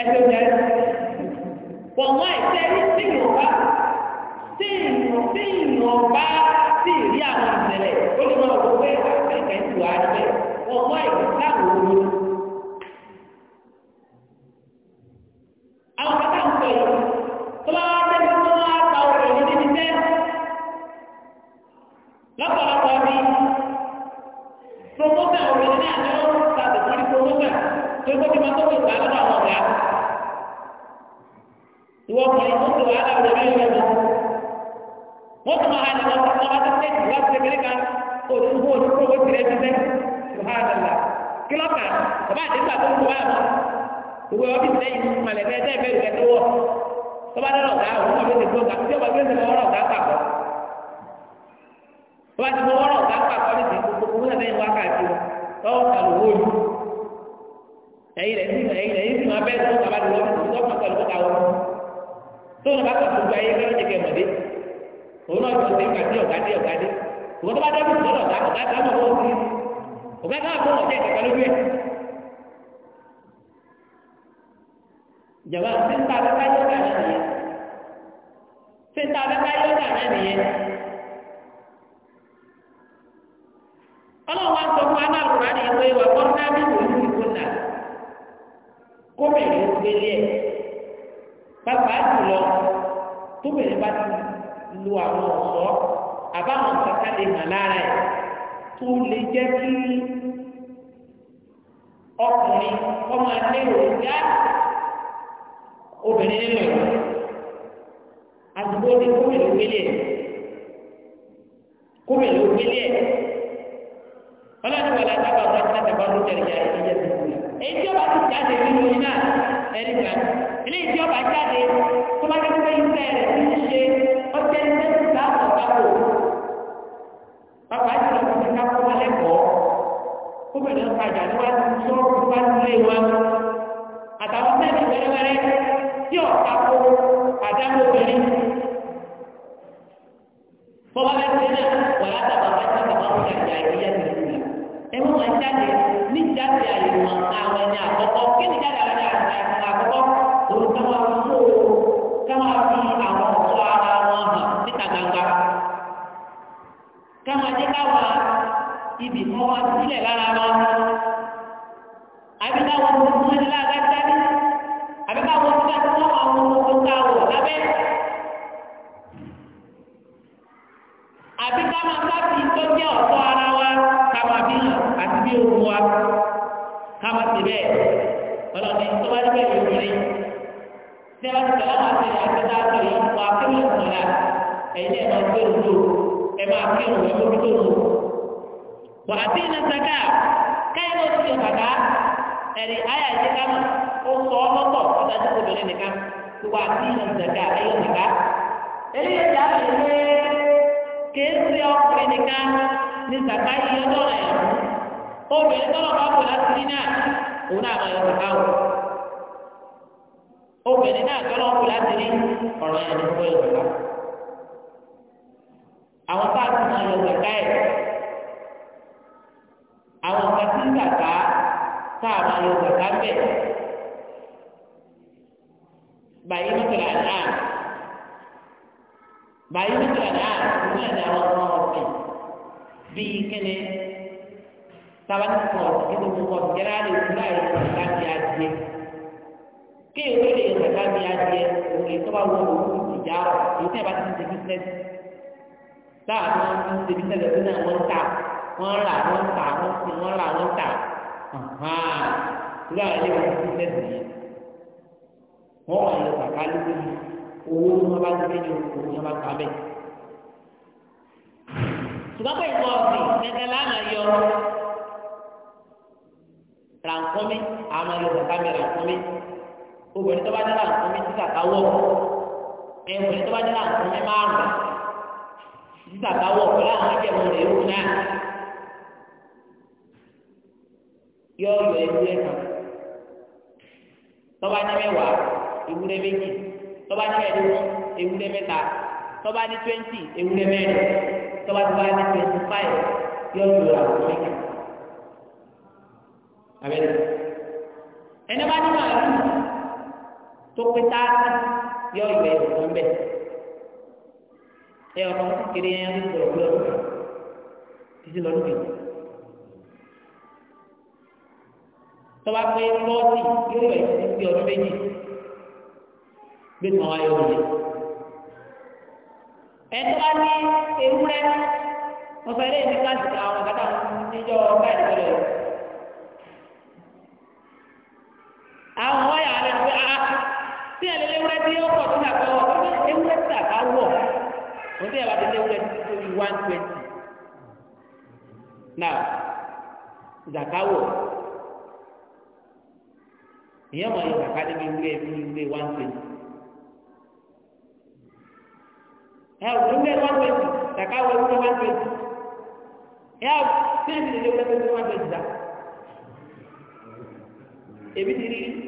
ẹsẹ̀ jẹ́ pọ̀ mọ́ ẹ̀sẹ̀ ní ìyọ̀wá tí ìmọ̀ tí ìmọ̀ bá sì rí àwọn ìṣẹ̀lẹ̀ ó lè máa wọ pé àfẹ́fẹ́ ti wà níbẹ̀ wọ́n mọ ìsìláàmù omi. àwọn kátà ń sọ yìí tó bá wá tẹ́lẹ̀ tó wá ta ọ̀rọ̀ yìí níbi tẹ́ lọ́pọ̀lọpọ̀ ni promota ọ̀rọ̀ yìí ní àná ọ̀rọ̀ ta tẹ̀sán ní promota tó kó ti máa tó ìgbà lọ́wọ́ àwọn ọ̀gá ìwọ̀n kìí tó ti wàhálà ọ̀rọ̀ yìí lọ́wọ́ wọ́n tún máa hàn wọ́n tún máa tẹ́tẹ́ ìwà ìṣẹ̀kẹ̀rẹ̀ kan òṣùwọ̀n òṣùwọ̀n owó tirẹ̀ ti tẹ́ ṣùgbọ́n kílọ̀kà bàbá àdéhùn àti olùkọ́ àmọ́ ìwé ọ̀bí ti lẹ́yìn ìmọ̀lẹ̀ bẹ́ẹ̀ tẹ́ ìfẹ́ ìfẹ́ tó wọ̀ bàbá dọ̀rọ̀ ọ̀gá òun kọ́ lóde gbọ́ngà tí ọba gbé ìfẹ́ ọ̀rọ̀ ọ̀gá pàpọ̀ bàbá ti mọ ọ̀rọ̀ ọ̀gá pàpọ̀ ní ti gbogbo náà lẹ́yìn wákàtí tọ́wọ́ kàlù wọ́ọ̀lù ẹ̀yìn rẹ̀ sì ẹ̀yìn rẹ̀ sì máa bẹ́ẹ̀ tó bàbá dọ̀rọ̀ ọ̀gá pàpọ̀ òun náà ti ṣe kàdé ọ̀gádé ọ̀gádé ìwọ́n tó bá dẹ́kun sọ́dọ̀ ọ̀gá ọ̀gá dáná owó sí ọ̀gá dáná fún ọ̀jẹ̀ ìkàkà lójú ẹ̀. ìjọba sẹ́ńtà abẹ́ká yọ̀gà náà nìyẹn sẹ́ńtà abẹ́ká yọ̀gà náà nìyẹn. ọlọ́run wá ń sọ fún aná àlùkùrá ni ìwé wa kọ́ náà bí wòlú ìgbóná kóbìnrin gbélé ẹ̀ pàápàá jùlọ tóbìnrin bá ti lo àwọn ọ̀ṣọ́ àbáwọn kankan lè hàn lára ẹ̀ tó lè jẹ́ kí ọkùnrin ọmọ lérò ìyá obìnrin nínú ẹ̀rọ àdúgbò ní gómìnà ògbélé ẹ̀ gómìnà ògbélé ẹ̀ ọlọ́dún wà látàbà ọ̀dọ́ àti látàbà ọdún jẹ̀rẹ̀ jẹ̀rẹ̀ ìjẹ́ ti kú èyí tí ọba ti jáde nínú iná ẹ̀rí gbà ilé ìjọba jáde tó bá dé pé iṣẹ́ rẹ̀ ti ṣe kóbìnrin ń tajà níwájú sọ́ọ̀bù wájú lé wa àtàwọn sẹ́ẹ̀dì wẹ́rẹ́wẹ́rẹ́ tí ọ̀ta kó àdáwọ̀ obìnrin. bọ́lá bẹ́ẹ̀ ṣe náà wà látàbà bá ṣe bàbá wọn jàjà ìdílé ní ìlú ẹ mú wọn jáde ní jáde àyè wọn àwọn ẹni àkọ́kọ́ kí ni jáde àwọn ẹni àkọ́kọ́ òun káwọn mú o káwọn fi àwọn ọ̀tọ́ wọn hàn síta gbangba káwọn jẹ́ káwọn ibì kan wá sílẹ̀ lára wọn àbí káwọn tó fún ẹni lágbájáde àbí káwọn tó fún ẹni wọn àwọn ohun tó káwọn lábẹ́ àbí káwọn sábì tó jẹ́ ọ̀tọ̀ ara wa káwọn àbíyàn àti bí ohun wa káwọn ti bẹ́ẹ̀ ọlọ́ni tó bá dé bẹ́ẹ̀ lórí ní bá ti tẹ̀lé àwọn àti ẹ̀yà àti ẹ̀dá àti ẹ̀yà wà á kéwòn ẹ̀sìn rẹ̀ ẹ̀yìn ẹ̀ máa gbé òdo ẹ̀ máa kéwòn ẹ̀ mójú tó òdo. wà á ti iná saka káyọ̀ ló ti kàkà ẹ̀rì ayà ìdí ká ó sọ ọ́ lọ́tọ̀ ọ̀dájú obìnrin bá kò láti rí náà òun náà máa yọ saka wọ̀ obìnrin náà tọ́lọ́ ń kú láti rí ọ̀rọ̀ yẹn nípa ìgbàlá. àwọn tá a ti máa lọ gbàgbá ẹ̀ àwọn ọ̀gá tí ń gbàgbá tá a máa lọ gbàgbá bẹ̀. bàyí mọ́tòlá náà bàyí mọ́tòlá náà ìlú ẹ̀ ní àwọn ọmọ ọ̀sìn bíi kíni tábàtì kan ọ̀sìn kí ló ń kọ́ ọ̀sìn kẹ́rẹ́ àlè ìdúrà láti adìẹ kí èyí lè sàkà mi adìẹ òkè tó bá wọ òkú ìjà rọ èyí tẹ́ bá ti ń ṣe bísíǹnẹ́sì láàánú wọn ti ń ṣe bísíǹnẹ́sì ọdún náà wọ́n ń tà wọ́n rà wọ́n tà wọ́n sì wọ́n rà wọ́n tà ìlú àwọn ilé wọn ti bísíǹnẹ́sì yẹn wọ́n wà lọ sàkà lórí owó tí wọ́n bá ti gbé ní owó tí wọ́n bá gbà bẹ́ẹ̀. ṣùgbọ́n pé ọ̀sìn tẹ́tẹ́ lánàá yọ rànkọ́mí àwọn ọmọ yorùbá obìnrin tó bá ní láǹkó mi títà káwọ́ ẹ̀wọ̀n tó bá ní láǹkó mi márùn títà káwọ́ pẹ̀lú àwọn ìjẹ̀mú rẹ̀ yóò náà yọ yọ ewúrẹ́ kan tó bá ní mẹ́wàá ewúrẹ́ méjì tó bá ní mẹ́ẹ̀ẹ́dógún ewúrẹ́ mẹ́ta tó bá ní twenty ewúrẹ́ mẹ́rin tó bá ti ní twenty five yọ yọ àwọn mẹ́ta abẹ́rẹ́ ẹni bá ní màálù tó pé táàtì yọ ìwẹ̀ ìwọ̀ ń bẹ̀ ẹ ọmọ kékeré yẹn ń sọ̀rọ̀ pé ọdún títí lọ́dún kejì tọ́ba pé lọ́ọ̀sì yóò yọ ìwẹ̀ sí ọdún méjì gbé tàn wáyé òun yẹn ẹ̀tọ́ bá ní ewúrẹ́ wọ́n ìdíkàsí àwọn àgbàdo àwọn níjọ́ báyìí ewúrẹ́ tí yóò pọ̀ sí àgbẹ̀wọ̀ ewúrẹ́ tí àbá wọ̀ wọ́n tẹ́ ẹ̀ bá ti lé ewúrẹ́ tí tóbi one twenty now zaka wọ̀ ìyẹn mọ̀ ní zaka níbi ewúrẹ́ bí ewúrẹ́ one twenty ẹ̀ ewúrẹ́ one twenty zaka wọ̀ ewúrẹ́ one twenty ẹ̀ sẹ́yìn ti lé ewúrẹ́ tó tó one twenty zaka èmi ti rí i.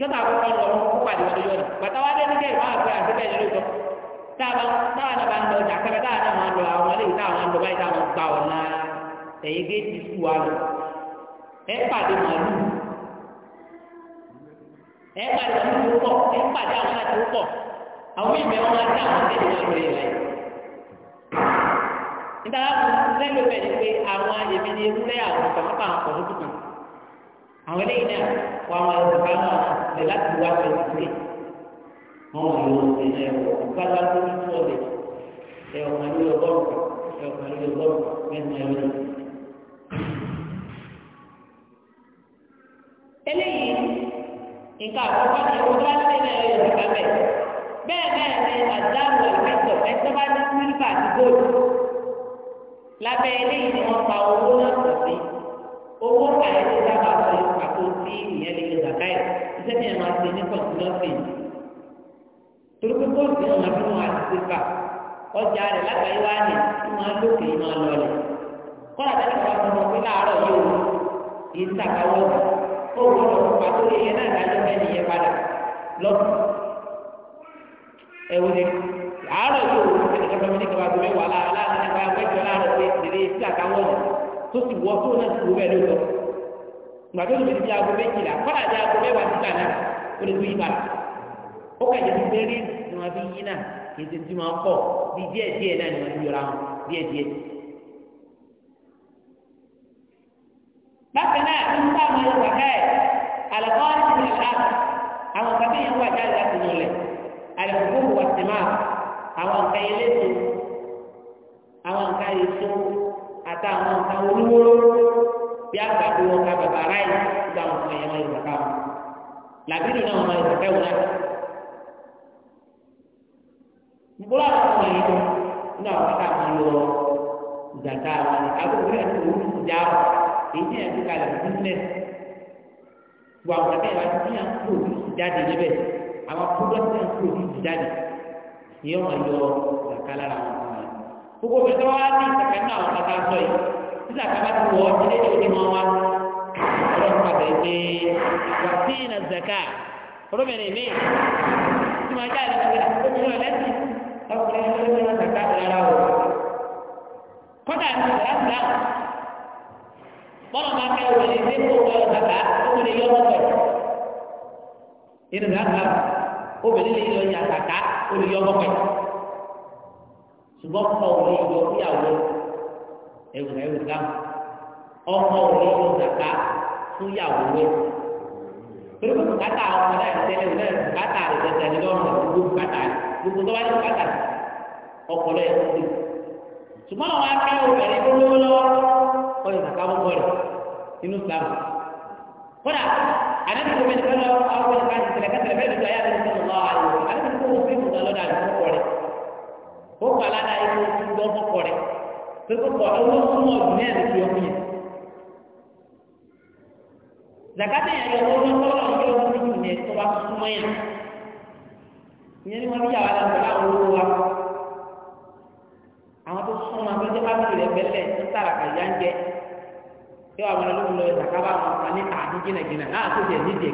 jọba àkọ́kọ́ lọ wọn kó pàdé wọn lóyún ọ̀nà bàtà wà lẹ́nu jẹ́ ìwọ́n àgbẹ̀ àti bẹ́ẹ̀ lóyún tọ́ táwa náà ọjà kẹfẹ táwa náà máa ń lọ àwọn eléyìí táwa ń lọ báyìí táwa ń gba ọ̀nà ẹ̀yìn géètì sùn wa lọ ẹ pàdé màálù ẹ pàdé màálù tó pọ̀ ẹ pàdé àwọn àti tó pọ̀ àwọn ìgbẹ́ wọn máa dá àwọn tẹ̀lé wọn lórí ẹ̀ nítorí àwọn ìlú lẹ́nu bẹ̀rẹ̀ pé àwọn èmi ni ewúrẹ́ àwọn ìtọ́mọ́pá àwọn ọ̀dọ́ àwọn eléyìí náà wà máa ń bá náà lè láti wá pẹ̀lú ìwé wọn ò lò ó nínú ẹ̀rọ ìgbàlá tó ní tó ọ̀lẹ̀ ẹ̀rọ pẹ̀lú ọgọ́rùn ẹ̀rọ pẹ̀lú ọgọ́rùn mẹ́ta ẹ̀rọ. eléyìí nǹkan àkọ́kọ́ ni ó bá lé ní ẹ̀rọ ìgbà bẹ̀ bẹ́ẹ̀ bẹ́ẹ̀ ni àdáwò ẹ̀fẹ́sọ̀ ẹ̀sọ́ bá ní sílífà àti góòlù lábẹ́ eléyìí ni wọ́n pa owó náà pọ̀ sí owó àyẹ̀wò dábàá ṣe pàtó sí ìyẹn lè zàká ẹ̀ iṣẹ́ ní ẹ̀ma ṣe ní kọ̀ǹtínọ́sì torí pé bọ́ọ̀sì náà máa fi wọn àti sífà ọjà rẹ̀ lágbàáyé wá ní tí wọ́n á lókè yìí máa lọ lẹ̀ kọ́lá tẹ́lẹ̀ wá fún wọn pé láàárọ̀ yìí o kì í sàkáwọ́ ó gbọ́dọ̀ fún pàtó ìyẹn náà dájọ́ bẹ́ẹ̀ nìyẹn padà lọ́sùn ẹ̀wọ̀n ni àárọ̀ yìí o ẹnìkan fẹ́ mi ní kí wọ́n á tó sì wọ́ tó náà sì wọ́ bẹ́ẹ̀ ló lọ. Gbàdó ló ti di aago méjìlá, kọ́lá di aago mẹ́wàá nígbà náà, ó lè tó yí padà. Ó kà jẹ́ pé rí ni wọ́n fi yí náà, kì tí wọ́n kọ̀ bí díẹ̀ díẹ̀ náà ni wọ́n fi yọra wọn díẹ̀ díẹ̀. Bákan náà, ń bá àwọn ẹ̀rọ wà káyẹ̀, àlàkọ́ ti fi àlá. Àwọn kàfé yẹn wà jáde láti nù lẹ̀. Àlàkùnkùn wà sí máa. Àwọn nǹkan ilé tó. Àwọn nǹkan èso àtàwọn nǹkan oníwóró bí àgbàdo ọkà bàbá ráì gba àwọn ọmọ ìyàwó ìzàká wọn làbídùn náà ọmọ ìzàká wọn náà nbọ́lá àwọn ọmọ yìí nínú àwọn kàkà àwọn yọ ìzàká wọn ni agbègbè rẹ̀ ti wọ́n ti dá ọ èyí ní ẹ̀sìn kalẹ̀ fún bísíǹnẹ̀sì wọ àwọn akẹ́yẹ̀ wá ti ní àkókò òbí jáde níbẹ̀ àwọn akókò tí wọ́n ti jáde ìyẹn wọn yọ ìzàká lára wọn gbogbo pẹ̀lú wa ní ìsàkà náà wọn kàkà sọ yìí títà kàkà ti wọ ọtí lédè òdì mọ wa ọlọ́run pàtẹ pé wà sí ìnà zaka olómìnirin mi tí wọn jáde lọ́wọ́ obìnrin ọ̀lẹ́sìn ọkùnrin olómìnirin náà zaka rárá o kọ́dà ní ìlànà bọ́lá máa kẹ́ òwe lè dé kó wọ́n zaka ó lè yọ ọ́tọ̀ ìnà zaka obìnrin lè yọ ìyà ó lè yọ ọ́tọ̀ ṣùgbọ́n ọkọ òní yọ fíyàwó ẹ̀wù ẹ̀wù dáhùn ọkọ òní yọ zàká fúyàwó ẹ̀ pẹ̀lú bùkátà ọmọ náà tẹ́lẹ̀ náà bùkátà rẹ̀ tẹ̀tẹ̀ ní lọ́rùn gbogbo bùkátà rẹ̀ gbogbo tó bá ní bùkátà rẹ̀ ọpọlọ ẹ̀ tó ṣùgbọ́n àwọn akẹ́ obìnrin tó lówó lọ́wọ́ wọ́n yóò zàká bọ́bọ́ rẹ̀ nínú ìsìlámù kódà àdéhùn tó bẹ̀rẹ̀ lọ́wọ́ àwọn ọmọ ó gbà ládà ikú gbọ́ kọ́kọ́ rẹ̀ pé kọ́kọ́ owó súnmọ́ ọ̀dùn ní ẹ̀rù fi ọkùnrin. zakati yẹn yọ owó lọ́wọ́ ọ̀dọ́ ọ̀dún ní ìyẹn tó bá súnmọ́ yẹn ìyẹn ni wọ́n fi yàrá lọ́wọ́ láwọn owó wa àwọn tó súnmọ́ akéwọ́n bá fi rẹ̀ bẹ́lẹ̀ tó tààrà kà yá ń jẹ tí wàá wọn lọ́wọ́ lọ́wọ́ zakaba wọn kà ní àdíjìnàjìnà láàtó jẹ nídìí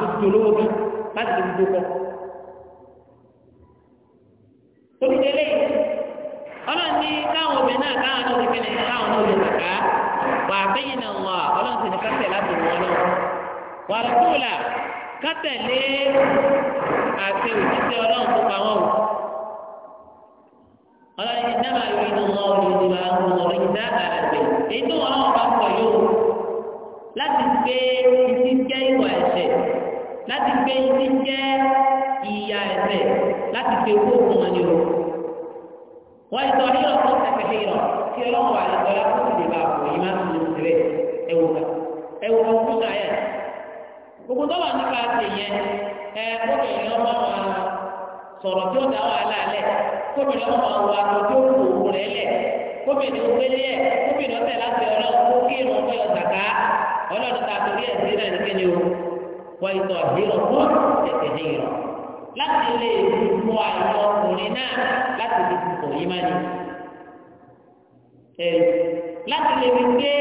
tó ti olówó kan tó tóbi délé ọlọ́run ní káwọn obìnrin náà káwọn náà lóbi ní káwọn náà lè sàká wà á bẹ́yìn náà wà ọlọ́run sì ní kásẹ̀ láti wọ́n lọ wà á kú là kásẹ̀ lé àti òṣìṣẹ́ ọlọ́run tó pa wọ́n wò ọlọ́run ní dáná yóò inú wọn ò lè dìbò àwọn ọmọ rẹ̀ dá àlàgbé èyí tó wọn náà bá pọ̀ yóò láti gbé ìdíjẹ́ ìwà ẹ̀ṣẹ̀ láti gbé ní jẹ́ ìyà ẹ̀sẹ̀ láti fi owó òkun wọn ni o wọ́n ti sọ hírọ̀ fún ẹ̀fẹ̀ hírọ̀ tí ọlọ́run wà lọ́wọ́ yá fún ìdèbà àpò yìí máa tún lè rẹ̀ ẹ̀wò ká ẹ̀wò kan fún ṣáyẹ̀ gbogbo tó wà nípa ṣe yẹn ẹ kóbìnrin ọmọ wa sọ̀rọ̀ tí ó dá wàhálà lẹ̀ kóbìnrin ọmọ wa sọ tí ó kù òkú rẹ̀ lẹ̀ kóbìnrin ògbélé ẹ̀ kóbìnrin ọ̀tẹ̀ láti ọlọ́run kó kí ìrùn ọmọ wọ́n ìtọ̀ ìdílọ̀ fún ẹ̀sẹ̀ ìdílọ̀ láti lè mú àwọn ọkùnrin náà láti lè fò yí má ní. láti lè fi gbé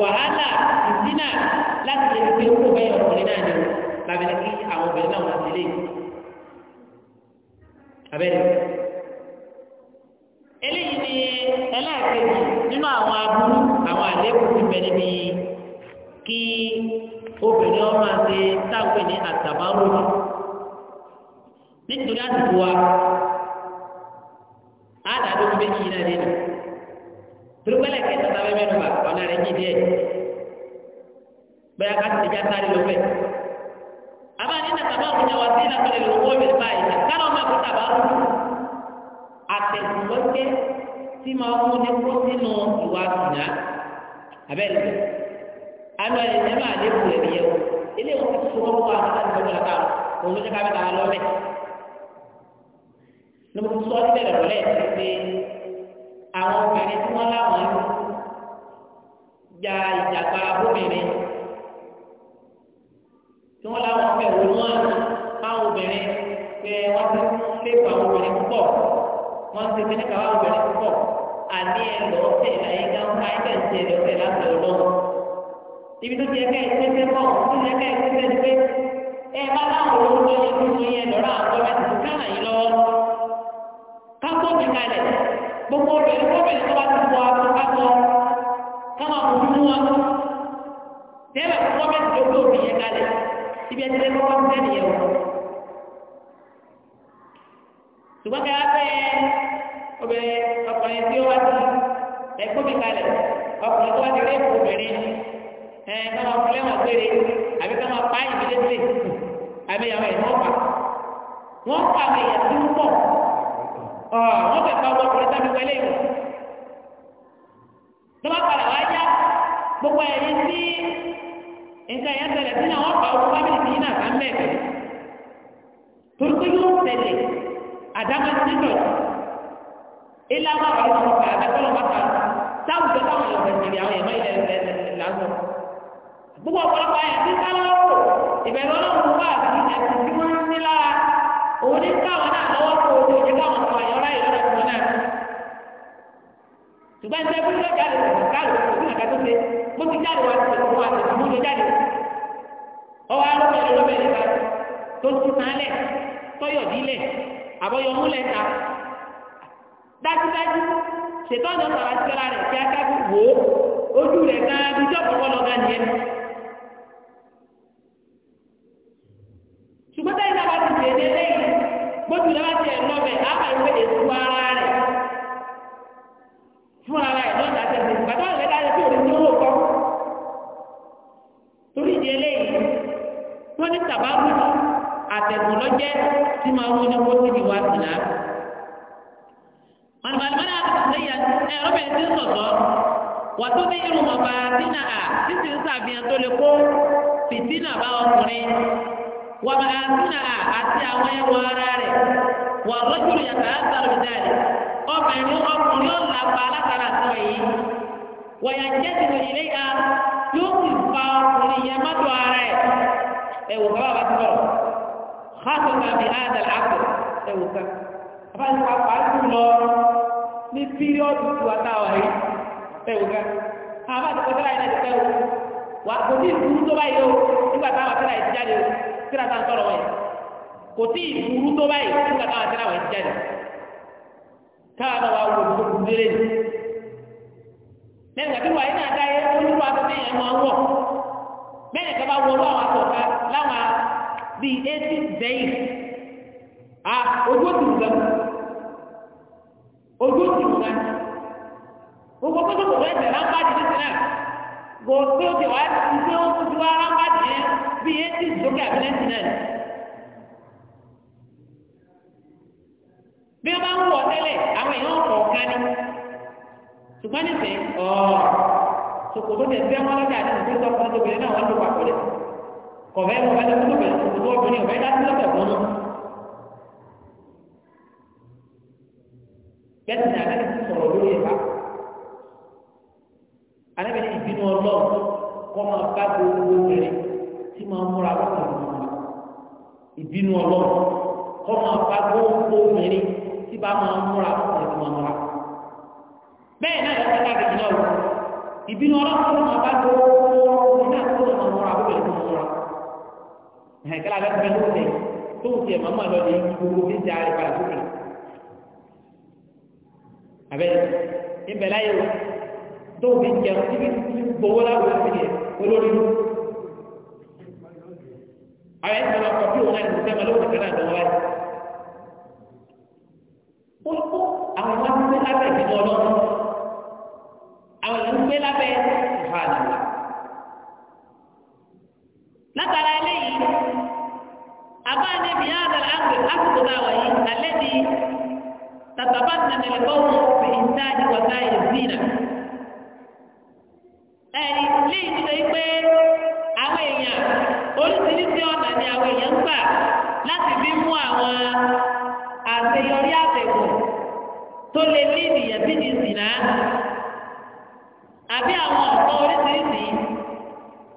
wàhálà ìdínà láti lè fi gbé owó bẹ́ẹ̀ ọkùnrin náà ní lábẹ́lẹ́ kí àwọn obìnrin náà wọ́n ti lè. abẹ́rẹ́ eléyìí ni ẹlẹ́ẹ̀kejì nínú àwọn aburú àwọn àléébù ti bẹ̀rẹ̀ bíi kí obìnrin ọmọ àti táwọn ní àtàbárò nítorí àdìgbò wa àdàdo ń bẹ yìí náà nínú turubẹlẹ kẹta tàbí mẹ́nu bá ọ̀nà rẹ̀ yìí díẹ̀ bẹ́ẹ̀ ká ti jáde sáré lọ́fẹ̀ẹ́ abáyé náà tàbárò ní wàá sí ìlànà ìlú owó mi báyìí kálọ̀ máa kó tàbárò àtẹ̀síwọ́jẹ́ tí máa mú ní kó sínú ìwà àtúnyà anu ẹni tẹ máa lé kú ẹni yẹ wò ilé wọn ti fún ọkọ àwọn àti ọmọ ọkọ àwọn òun ló ká bàtà lọ bẹ lọmọ tó sọ ọdún bẹ̀rẹ̀ lọlẹ ti pé àwọn obìnrin tí wọn láwọn ń ja ìjàpá obìnrin tí wọn láwọn fẹ́ wò wọn fáwọn obìnrin pé wọn ti lépa àwọn obìnrin púpọ̀ wọn ti fi ní kàwá obìnrin púpọ̀ àní ẹ lọ tẹ ẹyẹ gánfà ẹ tẹ ẹ tẹ lọ tẹ láti ọlọ́run ibi tó ti yẹ ká ẹ pé pé bọ̀ tó ti yẹ ká ẹ pé pé ni pé ẹ bá láwọn olórúkọ yẹn tó ṣe yẹn lọ́rọ̀ àwọn ọmọ ẹ̀sìn ká ràn yín lọ́wọ́ ká tó mi kalẹ̀ gbogbo obìnrin kóbìnrin tó bá ti wọ aṣọ kákọ ká máa kó fún wọn tẹ́lẹ̀ kókó bẹ́ẹ̀ tó gbé òbí yẹn kalẹ̀ ibi ẹ ti lé kókó fún ẹnì yẹn o ṣùgbọ́n kí á fẹ́ obìnrin ọkùnrin tí ó wá sí ẹ̀kọ́ mi kalẹ̀ ọkùnrin tó wá ti rí ẹ káma fúlẹ̀ wọn péré àbí káma pa ìbí lẹ́sẹ̀ àbí àwọn ẹ̀ wọ́n pa wọ́n pa àwọn èèyàn tí ń pọ̀ ọ̀ wọ́n fẹ́ pa ọmọkùnrin tábí wọlé wọn lọ́wọ́ padà wá yá gbogbo ẹ̀rí sí nǹkan ẹ̀yà tẹ̀lẹ̀ sí náà wọ́n pa ọkọ̀ bábìlì sí náà ká mẹ́ẹ̀kẹ́ torí pé yóò tẹ̀lé àdámọ́sílọ̀ ilé àwọn àwọn ọmọ ọ̀gá àgbẹ̀kọ́ lọ́wọ́ táwùjọ táwọn ọ̀gá ìṣẹ̀lẹ̀ àwọn ẹ̀mọ́ ilẹ̀ ẹ̀ gbogbo ọ̀pọ̀lọpọ̀ ayẹ̀ tí ká lọ́wọ́ ìbẹ̀rù ọlọ́run wà sí ẹ̀sìn tí wọ́n ń ní lára òun ní káwọn náà lọ́wọ́ kó o ti káwọn kan àyọ̀rá ìlọ́dọ̀ tí wọ́n náà ṣùgbọ́n ṣé bí wọ́n jáde lọ́wọ́ káàlù òfin àga tó ṣe mo ti jáde wá sí ẹ̀kọ́ wa tẹ̀sí mo lọ jáde ọwọ́ arúgbẹ́lẹ́ lọ́bẹ̀rẹ̀ ká tó ti sànálẹ̀ tọ́yọ̀dílẹ̀ àbọ̀yọ̀múlẹ̀ ta dájúdájú ṣètọ́jọ́ sàrà wani wani bi wa sila wani ba limana ta sayya ẹ rọbẹ ti sọsọ wà tó ní irun mọba dínà à títí ń sàbíyàn tó lè kó fìtínà bá ọkùnrin wà má a dínà à àti àwọn ẹwà ara rẹ wà rọjòlù yàtọ̀ àtàlù dàlẹ ọbẹ̀rin ọkùnrin ọ̀la pa alákàrà sọ yìí wọ̀nyà jẹ́ tìlú ilé ya yóò sì fa ọkùnrin yẹn mọ́tò ara ẹ̀ ẹ̀wọ̀n bàbá bá ti bọ̀. خاصة بهذا العصر ẹwùká afáàlùpá pàápù lọ ní píríọ̀dù tí wà táwà yìí ẹwùká àwọn àti pẹ̀lú àìlẹ̀ ti pẹ̀lú wà kò tí ìbúrú tó báyìí o nígbà táwọn tẹ́lá ìtì jáde o tíra tá ń sọ̀rọ̀ wọ̀nyí kò tí ìbúrú tó báyìí nígbà táwọn tẹ́lá wọ̀nyí jáde káwọn náà wà wò ó kú délé ni lẹ́yìn àbí wàyí náà dá yẹ olúwa tó ní ẹ̀ máa wọ̀ mẹ́rin kaba wọ bíi eighty zẹ́yìn a ojú òtún gan ojú òtún gan gbogbo kótó kò wẹ́ẹ̀sẹ̀ rámbájì títí náà gòkè òkè wá ti gbé ojú wa Di yẹn bíi eighty sókè àbí ninety nine. bí wọ́n bá ń wọ̀ tẹ́lẹ̀ àwọn èèyàn ọ̀pọ̀ kan ní ṣùgbọ́n nísìnyí ọ̀ọ́ ṣòkòtò tẹ̀ fẹ́ wọn lọ́jà ní ìgbésọ̀ fún ọdún obìnrin náà wọ́n lò papọ̀ lẹ́sìn kọ̀ọ̀bẹ́ ló fẹ́ lọ́kùnrin bẹ̀rẹ̀ tó obìnrin ọ̀bẹ́ dá sí lọ́kẹ̀ fún un. bẹ́ẹ̀ ni àlẹ́ ti sọ̀rọ̀ lórí ẹ̀ka alẹ́ bẹ́ẹ̀ ni ìbínú ọlọ́run kọ́ máa bá gbogbo obìnrin tí máa múra lọ́kùnrin wọn ìbínú ọlọ́run kọ́ máa bá gbogbo obìnrin tí bá máa múra lọ́kùnrin tí máa múra bẹ́ẹ̀ náà yọ ọ́ká kejì náà wọ ìbínú ọlọ́run kọ́ máa bá gbogbo obìnrin náà tó máa múra lọ́kùnrin tí máa múra hẹn kí láti fẹ́ lóde tó ń tiẹ̀ màmá lọ lè gbogbo ní ti àárẹ̀ padà sókè abẹ́rẹ́ níbẹ̀ láyé o tó ń fi jẹun tí kì í gbowó láwùjọ sí yẹ olórí lu àwọn ẹ̀sìn ọmọ kọ̀ọ̀tì òun náà ìgbésẹ̀ máa lóde kánà àdánwó láyé ó kó àwọn wá sí lábẹ́ ìdìbò ọlọ́run àwọn ìlú gbé lábẹ́ ìfàdà látara eléyìí abáni بهذا yá àdàlà àgbè الذي náà من alẹ́ بإنتاج وسائل nàmẹ̀lẹ̀ bọ́wọ́ fi ìta ìwọ̀ta ìzìnà. ẹ̀rí ilé ìṣe pé àwọn èèyàn oríṣiríṣi ọ̀nà ni àwọn èèyàn ń gbà láti fi mú àwọn àṣeyọrí àtẹ̀gùn tó lè ní ìyẹ̀bí ìzìnà àbí àwọn ọ̀pọ̀ oríṣiríṣi.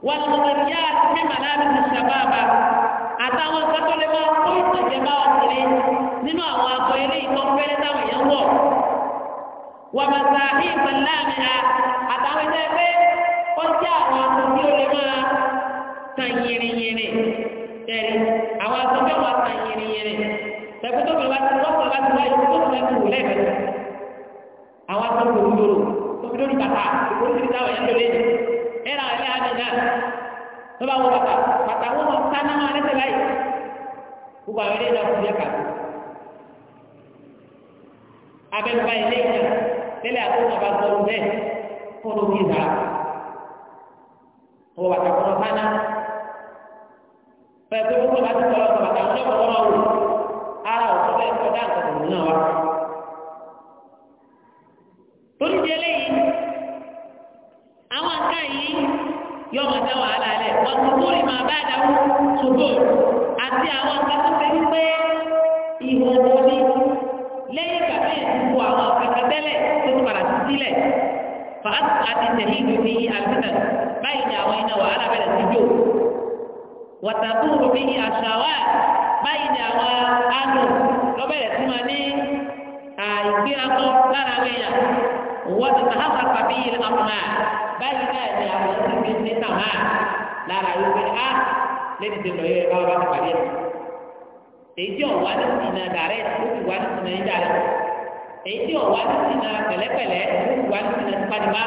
والمغنيات في ملابس الشباب àtàwọn nǹkan tó lè máa kó ìtànjẹ bá ọkùnrin nínú àwọn akọ ilé ìtàn fẹ́rẹ́ táwọn èèyàn wọ̀ wọ́n máa ta ìpín láàmì ha àtàwọn ẹgbẹ́ pé ó jẹ́ àwọn akọ tí ó lè máa tàn yìnrìnyìnrìn tẹ̀lé àwọn akọ bẹ́ẹ̀ wọ́n tàn yìnrìnyìnrìn tẹ̀kú tó bẹ̀rẹ̀ bá ti wọ́n sọ̀rọ̀ bá ti wáyé tó fẹ́ kù lẹ́ẹ̀mẹ́ta àwọn akọ kò ń dòrò tó fi lórí bàtà ìkórìsì ẹ̀rọ àlẹ́ àlẹ́ náà tó bá wọ bàtà bàtà wọn náà sáná máa lẹ́sẹ̀ báyìí gbogbo àwọn ilé náà kú yẹ kàdé abẹ́nuba ilé yìí náà tẹ́lẹ̀ àtúntò bá gbọ́dọ̀ bẹ́ẹ̀ kó ló kí ìhà wọ bàtà wọn náà sáná pẹ̀lú gbogbo bàtà wọn náà bàtà wọn náà wọ̀ wọ́n ara òtún bẹ́ẹ̀ kọjá àtọ̀tọ̀ nínú wa torí di yọ ọmọ dá wàhálà rẹ̀ wọ́n ti kórè máa bá àdáwó ṣògbó àti àwọn akẹ́kọ̀ọ́ fẹ́ wípé ìhòòhò ni lẹ́yìn ìgbà bẹ́ẹ̀ ti wo àwọn akẹ́kọ̀ọ́ tẹ́lẹ̀ tó ti padà sí sílẹ̀ fàásù àti tẹ̀lé ìlú ní àfihàn báyìí ni àwọn iná wàhálà bẹ̀rẹ̀ sí jò wàtàkùn òbí àṣàwà báyìí ni àwọn adùn lọ́bẹ̀rẹ̀ sí máa ní àìgbérakọ lára wẹ̀yà wọ́n ti sàhásà pàbí ilé ọkùnrin báyìí náà ni àwọn tí fi ń nínà hàn lára wípé á lẹ́yìn tó lọ yẹ bá wà pàdé ẹ̀. èyí tí ọ̀wá ní sinà dàrẹ́ ó ti wá ní sinà yín dàrẹ́ èyí tí ọ̀wá ní sinà pẹ̀lẹ́pẹ̀lẹ́ ó ti wá ní sinà tipátipá.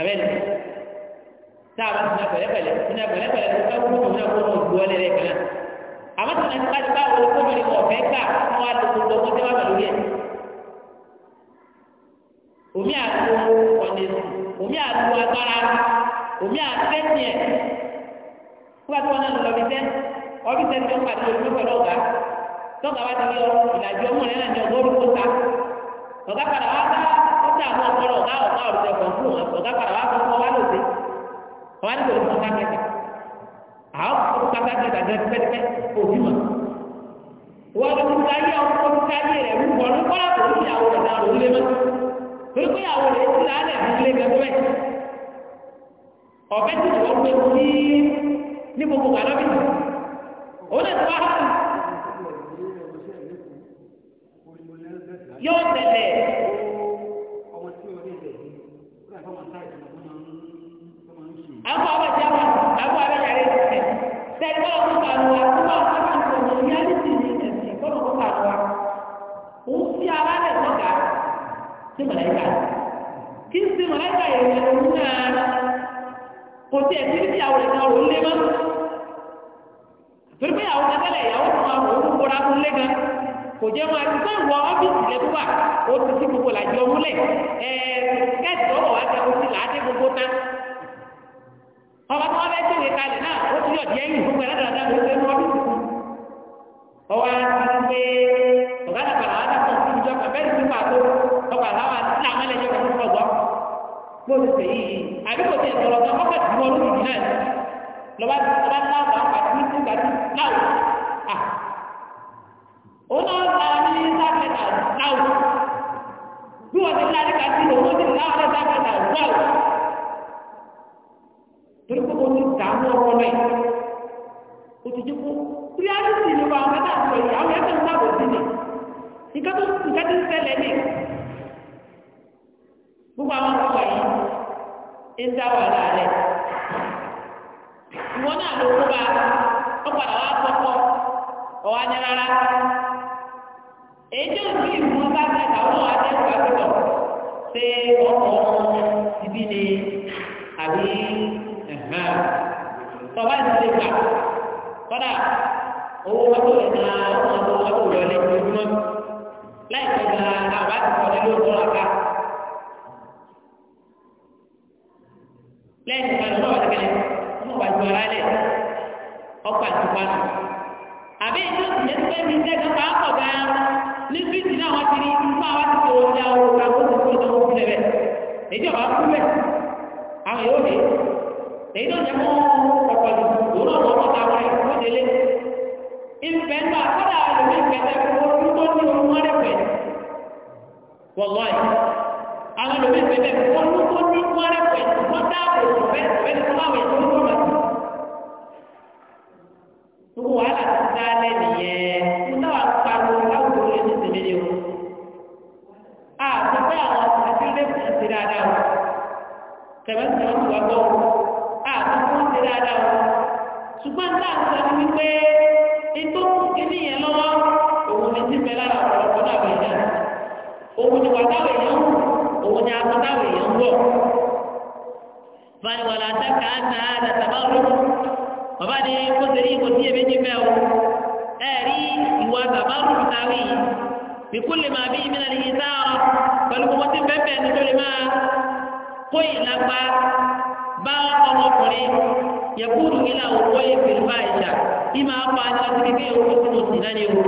abẹ́ni sáàbà sinà pẹ̀lẹ́pẹ̀lẹ́ sinà pẹ̀lẹ́pẹ̀lẹ́ wọn omi àti ọ̀nẹ́sì omi àti agbára omi àti tẹ́sí ẹ̀ nígbà tí wọ́n náà lọ bíṣẹ́ ọ́fíìsì tí o pàdé ojú pẹ̀lú ọ̀gá tọ́ka wá ti rí ọ ìlàjì ọmọ rẹ̀ náà ní ọgọ́rùn kó ta ọ̀gá padà wá bá ó tẹ àwọn ọkọ ọ̀gá ọ̀gá ọ̀rùsẹ̀ kan fún wọn ọ̀gá padà wá fún ọwá lòdì ọwá ní kòló fún kákẹ́kẹ́ àwọn kòló kákẹ́kẹ́ dàgbà pẹ́ẹ́pẹ́ òbí mọ̀ wọ́n ló ti káyé ọkọ̀ ti káyé rẹ̀ rúbọ̀ ló kọ́ torí pé àwọn èèyàn ti lálẹ́ ìdílé gẹ́gẹ́ bẹ́ẹ̀ ọ̀bẹ tí wọ́n gbé sí ní gbogbo wà lọ́bì ó lè tó wá yóò tẹ̀lé. àwọn ọmọ ìjà wọn àwọn ọmọ ìjà rẹ̀ tẹ̀ tẹ̀lé ọ̀hún kàlù wa tó wà fún àtúntò ní yálì tì ní ẹ̀sìn kọ́nà kó kàlù wa òun fi ara rẹ̀ sọ̀kà sí mọ̀lẹ́kà kí sí mọ̀lẹ́kà yẹn ló ń náà kò tiẹ̀ sí ní ìyàwó ẹ̀ka òun lé mọ́ torí pé ìyàwó kẹtẹ́lẹ̀ ìyàwó kan àwọn òun kóra fún lé gan kò jẹ́ máa ti sẹ́yìn wọ ọ́fíìsì lẹ́kọ́ wà ó ti sí gbogbo làjọ múlẹ̀ kẹ́ẹ̀tì ọ̀rọ̀ wa jẹ́ oṣù làádé gbogbo tán ọba tí wọ́n fẹ́ tẹ̀wé kalẹ̀ náà ó ti yọ̀ díẹ̀ yìí gbogbo ẹ̀rọ ọ̀gá àgbàlá wà dàpọ̀ àwùjọ bẹ́ẹ̀ ti fà tó ọkọ̀ àláwà nínú àwọn ẹlẹ́jọ́ kan tó kọ̀ gbọ́ bó ti sèyí yìí àbí kò tiẹ̀ sọ̀rọ̀ sọ ọkọ̀ tí wọ́n lù náà lọ́ba lọ́ba náà bá wà ní ìgbà tí láwù à ó náà bá ní sáfẹ̀tà láwù bí wọ́n ti lárí ká sí òun ó ti láwù ní sáfẹ̀tà láwù torí pé o ti dààmú ọ̀rọ̀ rẹ̀ o ti dín kú rí àdúgbò ìlú wa ọ̀gá náà sọ ìyàwó ẹ̀ nǹkan tó nǹkan tó ń ní gbogbo àwọn ọkọ̀ yìí ń wà lálẹ́ ìwọ náà ló kó bá ọ padà wá ọ̀wá ní rárá èyí tó ń bí ìmú bá ọkọ̀ ibi ni àbí tọ́ba láì tó gba àbá ti kọ́ nínú ọdún ọ̀ka. lẹ́yìn ìgbà tó wà lẹ́kẹ̀lẹ́ ọmọ wa ju ara lẹ̀ ọkọ̀ àti pàṣẹ. àbí ìlú òsìlẹ̀ tó fẹ́ mi sẹ́gun pa ápọ̀ gan-an ní fíìsì náà wọ́n ti rí nípa wá ti tòrò ní àwọn òkà tó ti kúrò lọ́wọ́ sílẹ̀ bẹ́ẹ̀. èyí ọ̀bá kú bẹ́ẹ̀ àwọn yóò dé. èyí náà jẹ́ mọ́ ọ̀pọ̀ ìdòwúrọ̀ wọn kọ́ta wọn ìfowópamọ́ wọ́lọ́ì àwọn olùgbé ìpínlẹ̀ wọn ló kó ní wọ́rẹ́ pẹ̀lú wọ́n dáàbò òfẹ́ pẹ̀lú fúláwẹ̀ tó ń bọ̀ gbogbo wàhálà ti dálẹ̀ nìyẹn mo náà pariwo láwùjọ lè ní tèmi ni o àtúntà àwọn àti ilé ìfẹ́ ti dáadáa o tẹ̀wẹ́tì wọn ti wá gbọ́ o àtúntà wọn ti dáadáa o ṣùgbọ́n táà ń sọ ní wípé ètò ìdíyẹn lọ. aṣọ táwọn èèyàn ń wọ̀. báyìí wàlá àtàkà àtà àtàtàbá olóko bàbá ni kó ṣe rí kò sí èméjì bẹ́ẹ̀ o ẹ rí ìwà bàbá olóko táwí ìkúlè máa bí ìmìnira yìí sáà pẹ̀lú gbogbo tí bẹ́ẹ̀ bẹ́ẹ̀ nítorí máa kó ìlàpá bá ọmọkùnrin yẹ kúrú ilà òkú ẹ̀fẹ̀ báyìí ṣá ìmọ̀ àpá àti ọtí kékeré owó tí mo sì náà ní ewu.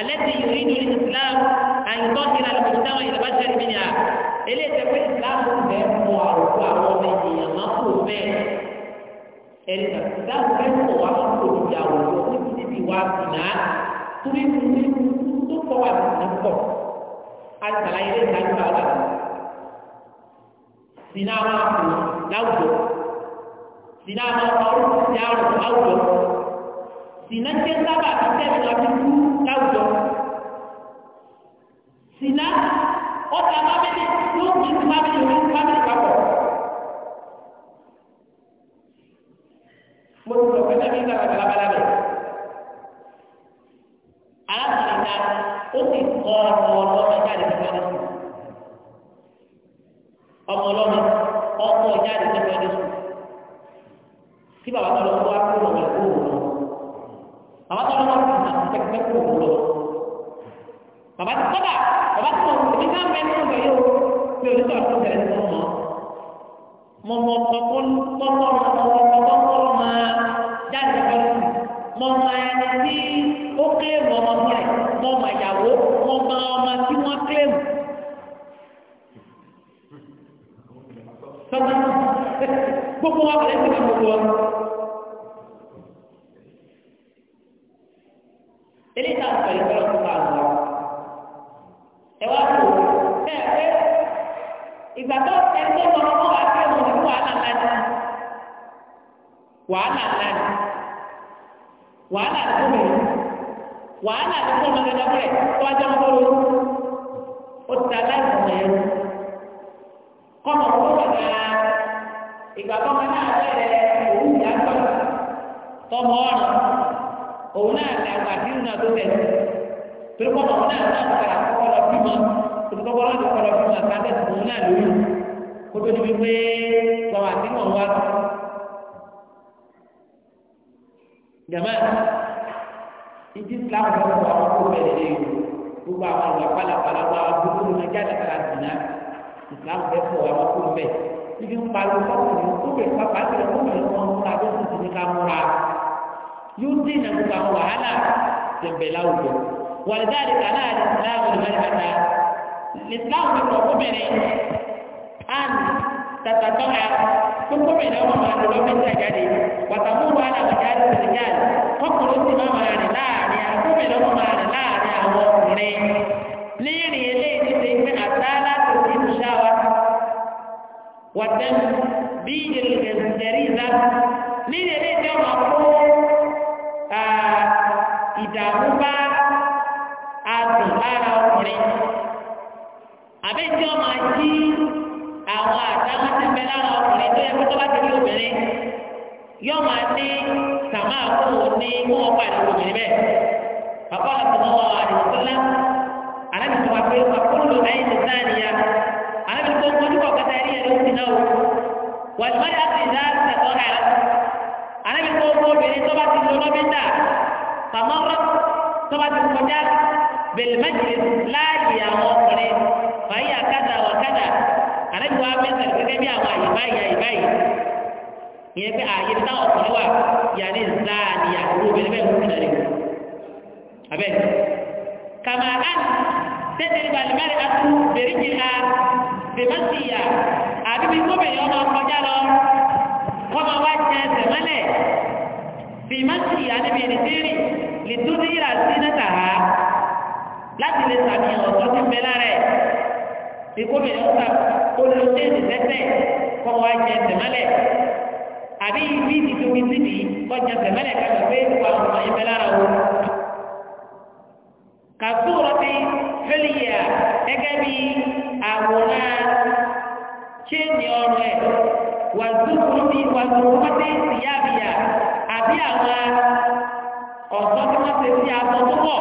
التي يريد الإسلام أن يطهر المجتمع البشري منها إليه تقول الإسلام بهم وعوامه به الإسلام بهم في واسنا تريد أن تقوى نفسه لا يريد أن sìnà jẹ́ sábà títẹ̀ lọ sí kú láwùjọ sìnà ọ̀tá bábẹ́lẹ̀ yóò fi bábẹ́lẹ̀ orí bábẹ́lẹ̀ papọ̀. mo ti sọ pé tàbí ń sábà balabala bẹ̀. arákùnrin náà ó sì kọ́ ọmọ ọlọ́mọ jáde nípa ẹni ọmọ ọlọ́mọ ọkọ̀ jáde nípa ẹni sùn. tí bàbá tó lọ sọ wá kúrò lọ́wọ́ kúrò lọ́wọ́ bàbá tó lọ́wọ́ ti nà pẹ́pẹ́ kò wúlò bàbá tó kọ́dà bàbá tó mọ̀ ní ká mẹ́ tó bẹ̀ yóò fi oníṣẹ́ ọ̀tún bẹ̀rẹ̀ tó mọ̀ mọ̀ mọ̀ kọ́kọ́ kọ́kọ́ kọ́kọ́ kọ́kọ́ máa jáde pẹ̀lú mọ̀ mọ̀ ẹni tí ó kílèmù ọmọ mi rẹ̀ mọ̀ mọ̀ ìyàwó mọ̀ mọ̀ ọmọ tí wọ́n kílèmù. gbogbo wa gbogbo wa. tó ajá ń bọ̀ lóru ó ti aláìsàn yẹn kọ́mọ̀ tó wà ní ìgbà kọ́mọ náà bẹ̀rẹ̀ òwú ìyàgbọ́ tọmọ ọ̀rọ̀ òun náà ní àgbà tí òun náà tó tẹ̀ torí kọ́mọ òun náà náà kọ́ra kọ́kọ́ lọ bímọ torí kọ́kọ́ lọ́dún kọ́ lọ gbogbo àwọn àgbà pàlàpàlà wà gbogbo ní ọjà dàgbà dìnnà ìsìlámù bẹ fọ àwọn kó bẹ ibi ń pariwo fọkùnrin tó bẹ pàpà sílẹ̀ fún mi wọn múra bẹ tuntun ní ká múra yóò dín iná gbogbo àwọn wàhálà tẹ̀mbẹ̀ láwùjọ wàlídà àdìgbà náà ní ìsìlámù ní mẹ́rin kàtà ìsìlámù ní kọ̀ọ̀kọ́ mẹ́rin án tàtàtọ́ tó kọ́ bẹ̀rẹ̀ wọn máa lọ lọ́wọ́ mẹ́ta jáde wàtàkùn wà láwùjá lóṣèlú jáde ọkùnrin sì máa máa rìn láàrin àkóbẹ̀rẹ̀ wọn máa rìn láàrin àwọn ọkùnrin lérìn eléyìí ti pé àtàlà tó ti ń ṣá wa wàtẹ́m bí ìrìnkẹ̀sìtẹ̀rì ìlà lérìn eléyìí tí wọ́n máa kó ìdààmú bá àtùn lára ọkùnrin àbẹ́tí wọ́n máa jí àwọn àtàwọn ti bẹ lára ọkùnrin tó yẹ kó tó bá ti rí obìnrin yóò máa ní sàmà àkókò ní kó wọn pa ìdókòwò obìnrin bẹ́ẹ̀ bàbá àtúntò wọn àdìsílá alábìsí wa pé àkúrò ayé ti sáà nìyà alábìsí tó ń kọjú kọ kẹta ẹni yẹn ló ti náà wà ní wáyà ti dá sẹtọ ha alábìsí tó ń kọ obìnrin tó bá ti lọ lọ́bìtà sàmọ́rọ́ tó bá ti kọjá bẹ̀lẹ́mẹ́jì láàyè àwọn ọkùnrin fàyè àkàdà wàkàdà àlejò wa mẹ́ta gẹ́gẹ́ bí àwọn àyè báyìí àyè báyìí ìyẹn pé àyè táwọn ọkùnrin wà yàrá ìzá ni àbúrò bẹ́ẹ̀ bẹ́ẹ̀ kúrò náà abẹ́ kàmá án tẹ́tẹ̀rì balimari atu bèrè jì ha bèbá sì yà àbí bí gómìnà ọmọ kọjá lọ kọ́mọ wá jẹ ẹsẹ̀ mọ́lẹ̀ bèbá sì yà níbi ìrìntìrì lè tó ní yìrà sí náà láti lè sàmì ọ̀tọ́ ti bẹ́ lára ẹ̀ bí gómìnà olùdókòwò sẹ́sẹ̀ kọ́ wa jẹ tẹ̀mẹ́lẹ̀ àbí ibi ìdíkòwì síbi kọ́ jẹ tẹ̀mẹ́lẹ̀ ká gbàgbé wa ọ̀nà ìfẹ́ lára wo. kàtúrọ̀ ti fẹ́lìyà gẹ́gẹ́ bí àwòrán chéènì ọrùn ẹ̀ wà dúró bí wà dúró wọ́n ti tìyàbìyà àbí àwọn ọ̀sán tí wọ́n ti ti àtọ̀ tó pọ̀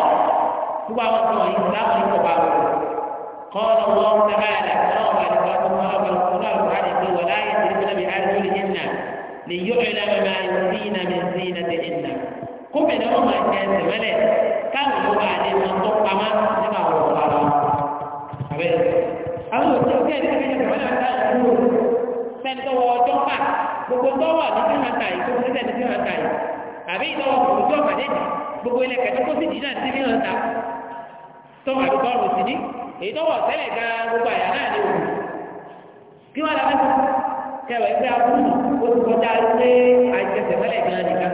gbogbo àwọn ọ̀sán yìí láwọn ìkọ̀ọ̀bà wọn. قال الله تعالى ولا يسرقن بأرجلهن ليعلم ما يخفين من زينتهن قم لهما جاز ملك كانوا بعد من طقما لما هو àwọn òṣìṣẹ́ ìṣẹ́lẹ̀ ìṣẹ́lẹ̀ ìṣẹ́lẹ̀ ìṣẹ́lẹ̀ ìṣẹ́lẹ̀ tó wọ ọjọ́ pa gbogbo tó wà ní sí màtà yìí tó sílẹ̀ ní sí màtà yìí àbí ìtọ́wọ́ gbogbo tó pàdé gbogbo ilẹ̀ kẹ̀kẹ́ tó sì dì náà sí mìíràn ta tó wà lùkọ́ ọ̀rọ̀ sí ní èyí tó wọ̀ tẹ́lẹ̀ gan gbogbo àyà náà ni òkú kí wọ́n lọ fẹ́ kẹwàá ẹgbẹ́ abúlé ó ti kọjá lé àìsẹsẹ̀ mẹ́lẹ̀ gan nìkan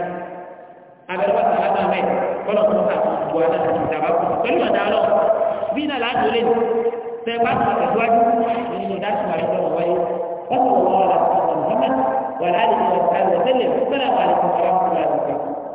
abẹ́rẹ́ wà sàlá náà mẹ́ kọ́lọ̀ kọ́ sà wà náà ti dàbà kù pẹ̀lú ọ̀dà lọ bí náà láti olè tẹ bá tó àtẹ̀síwájú nínú dáṣù àìsàn wọ̀nyí wọ́n sọ̀rọ̀ wọn lọ sọ̀rọ̀ mọ́mẹ́t wà láti wọ̀ sàlẹ̀ tẹ́lẹ̀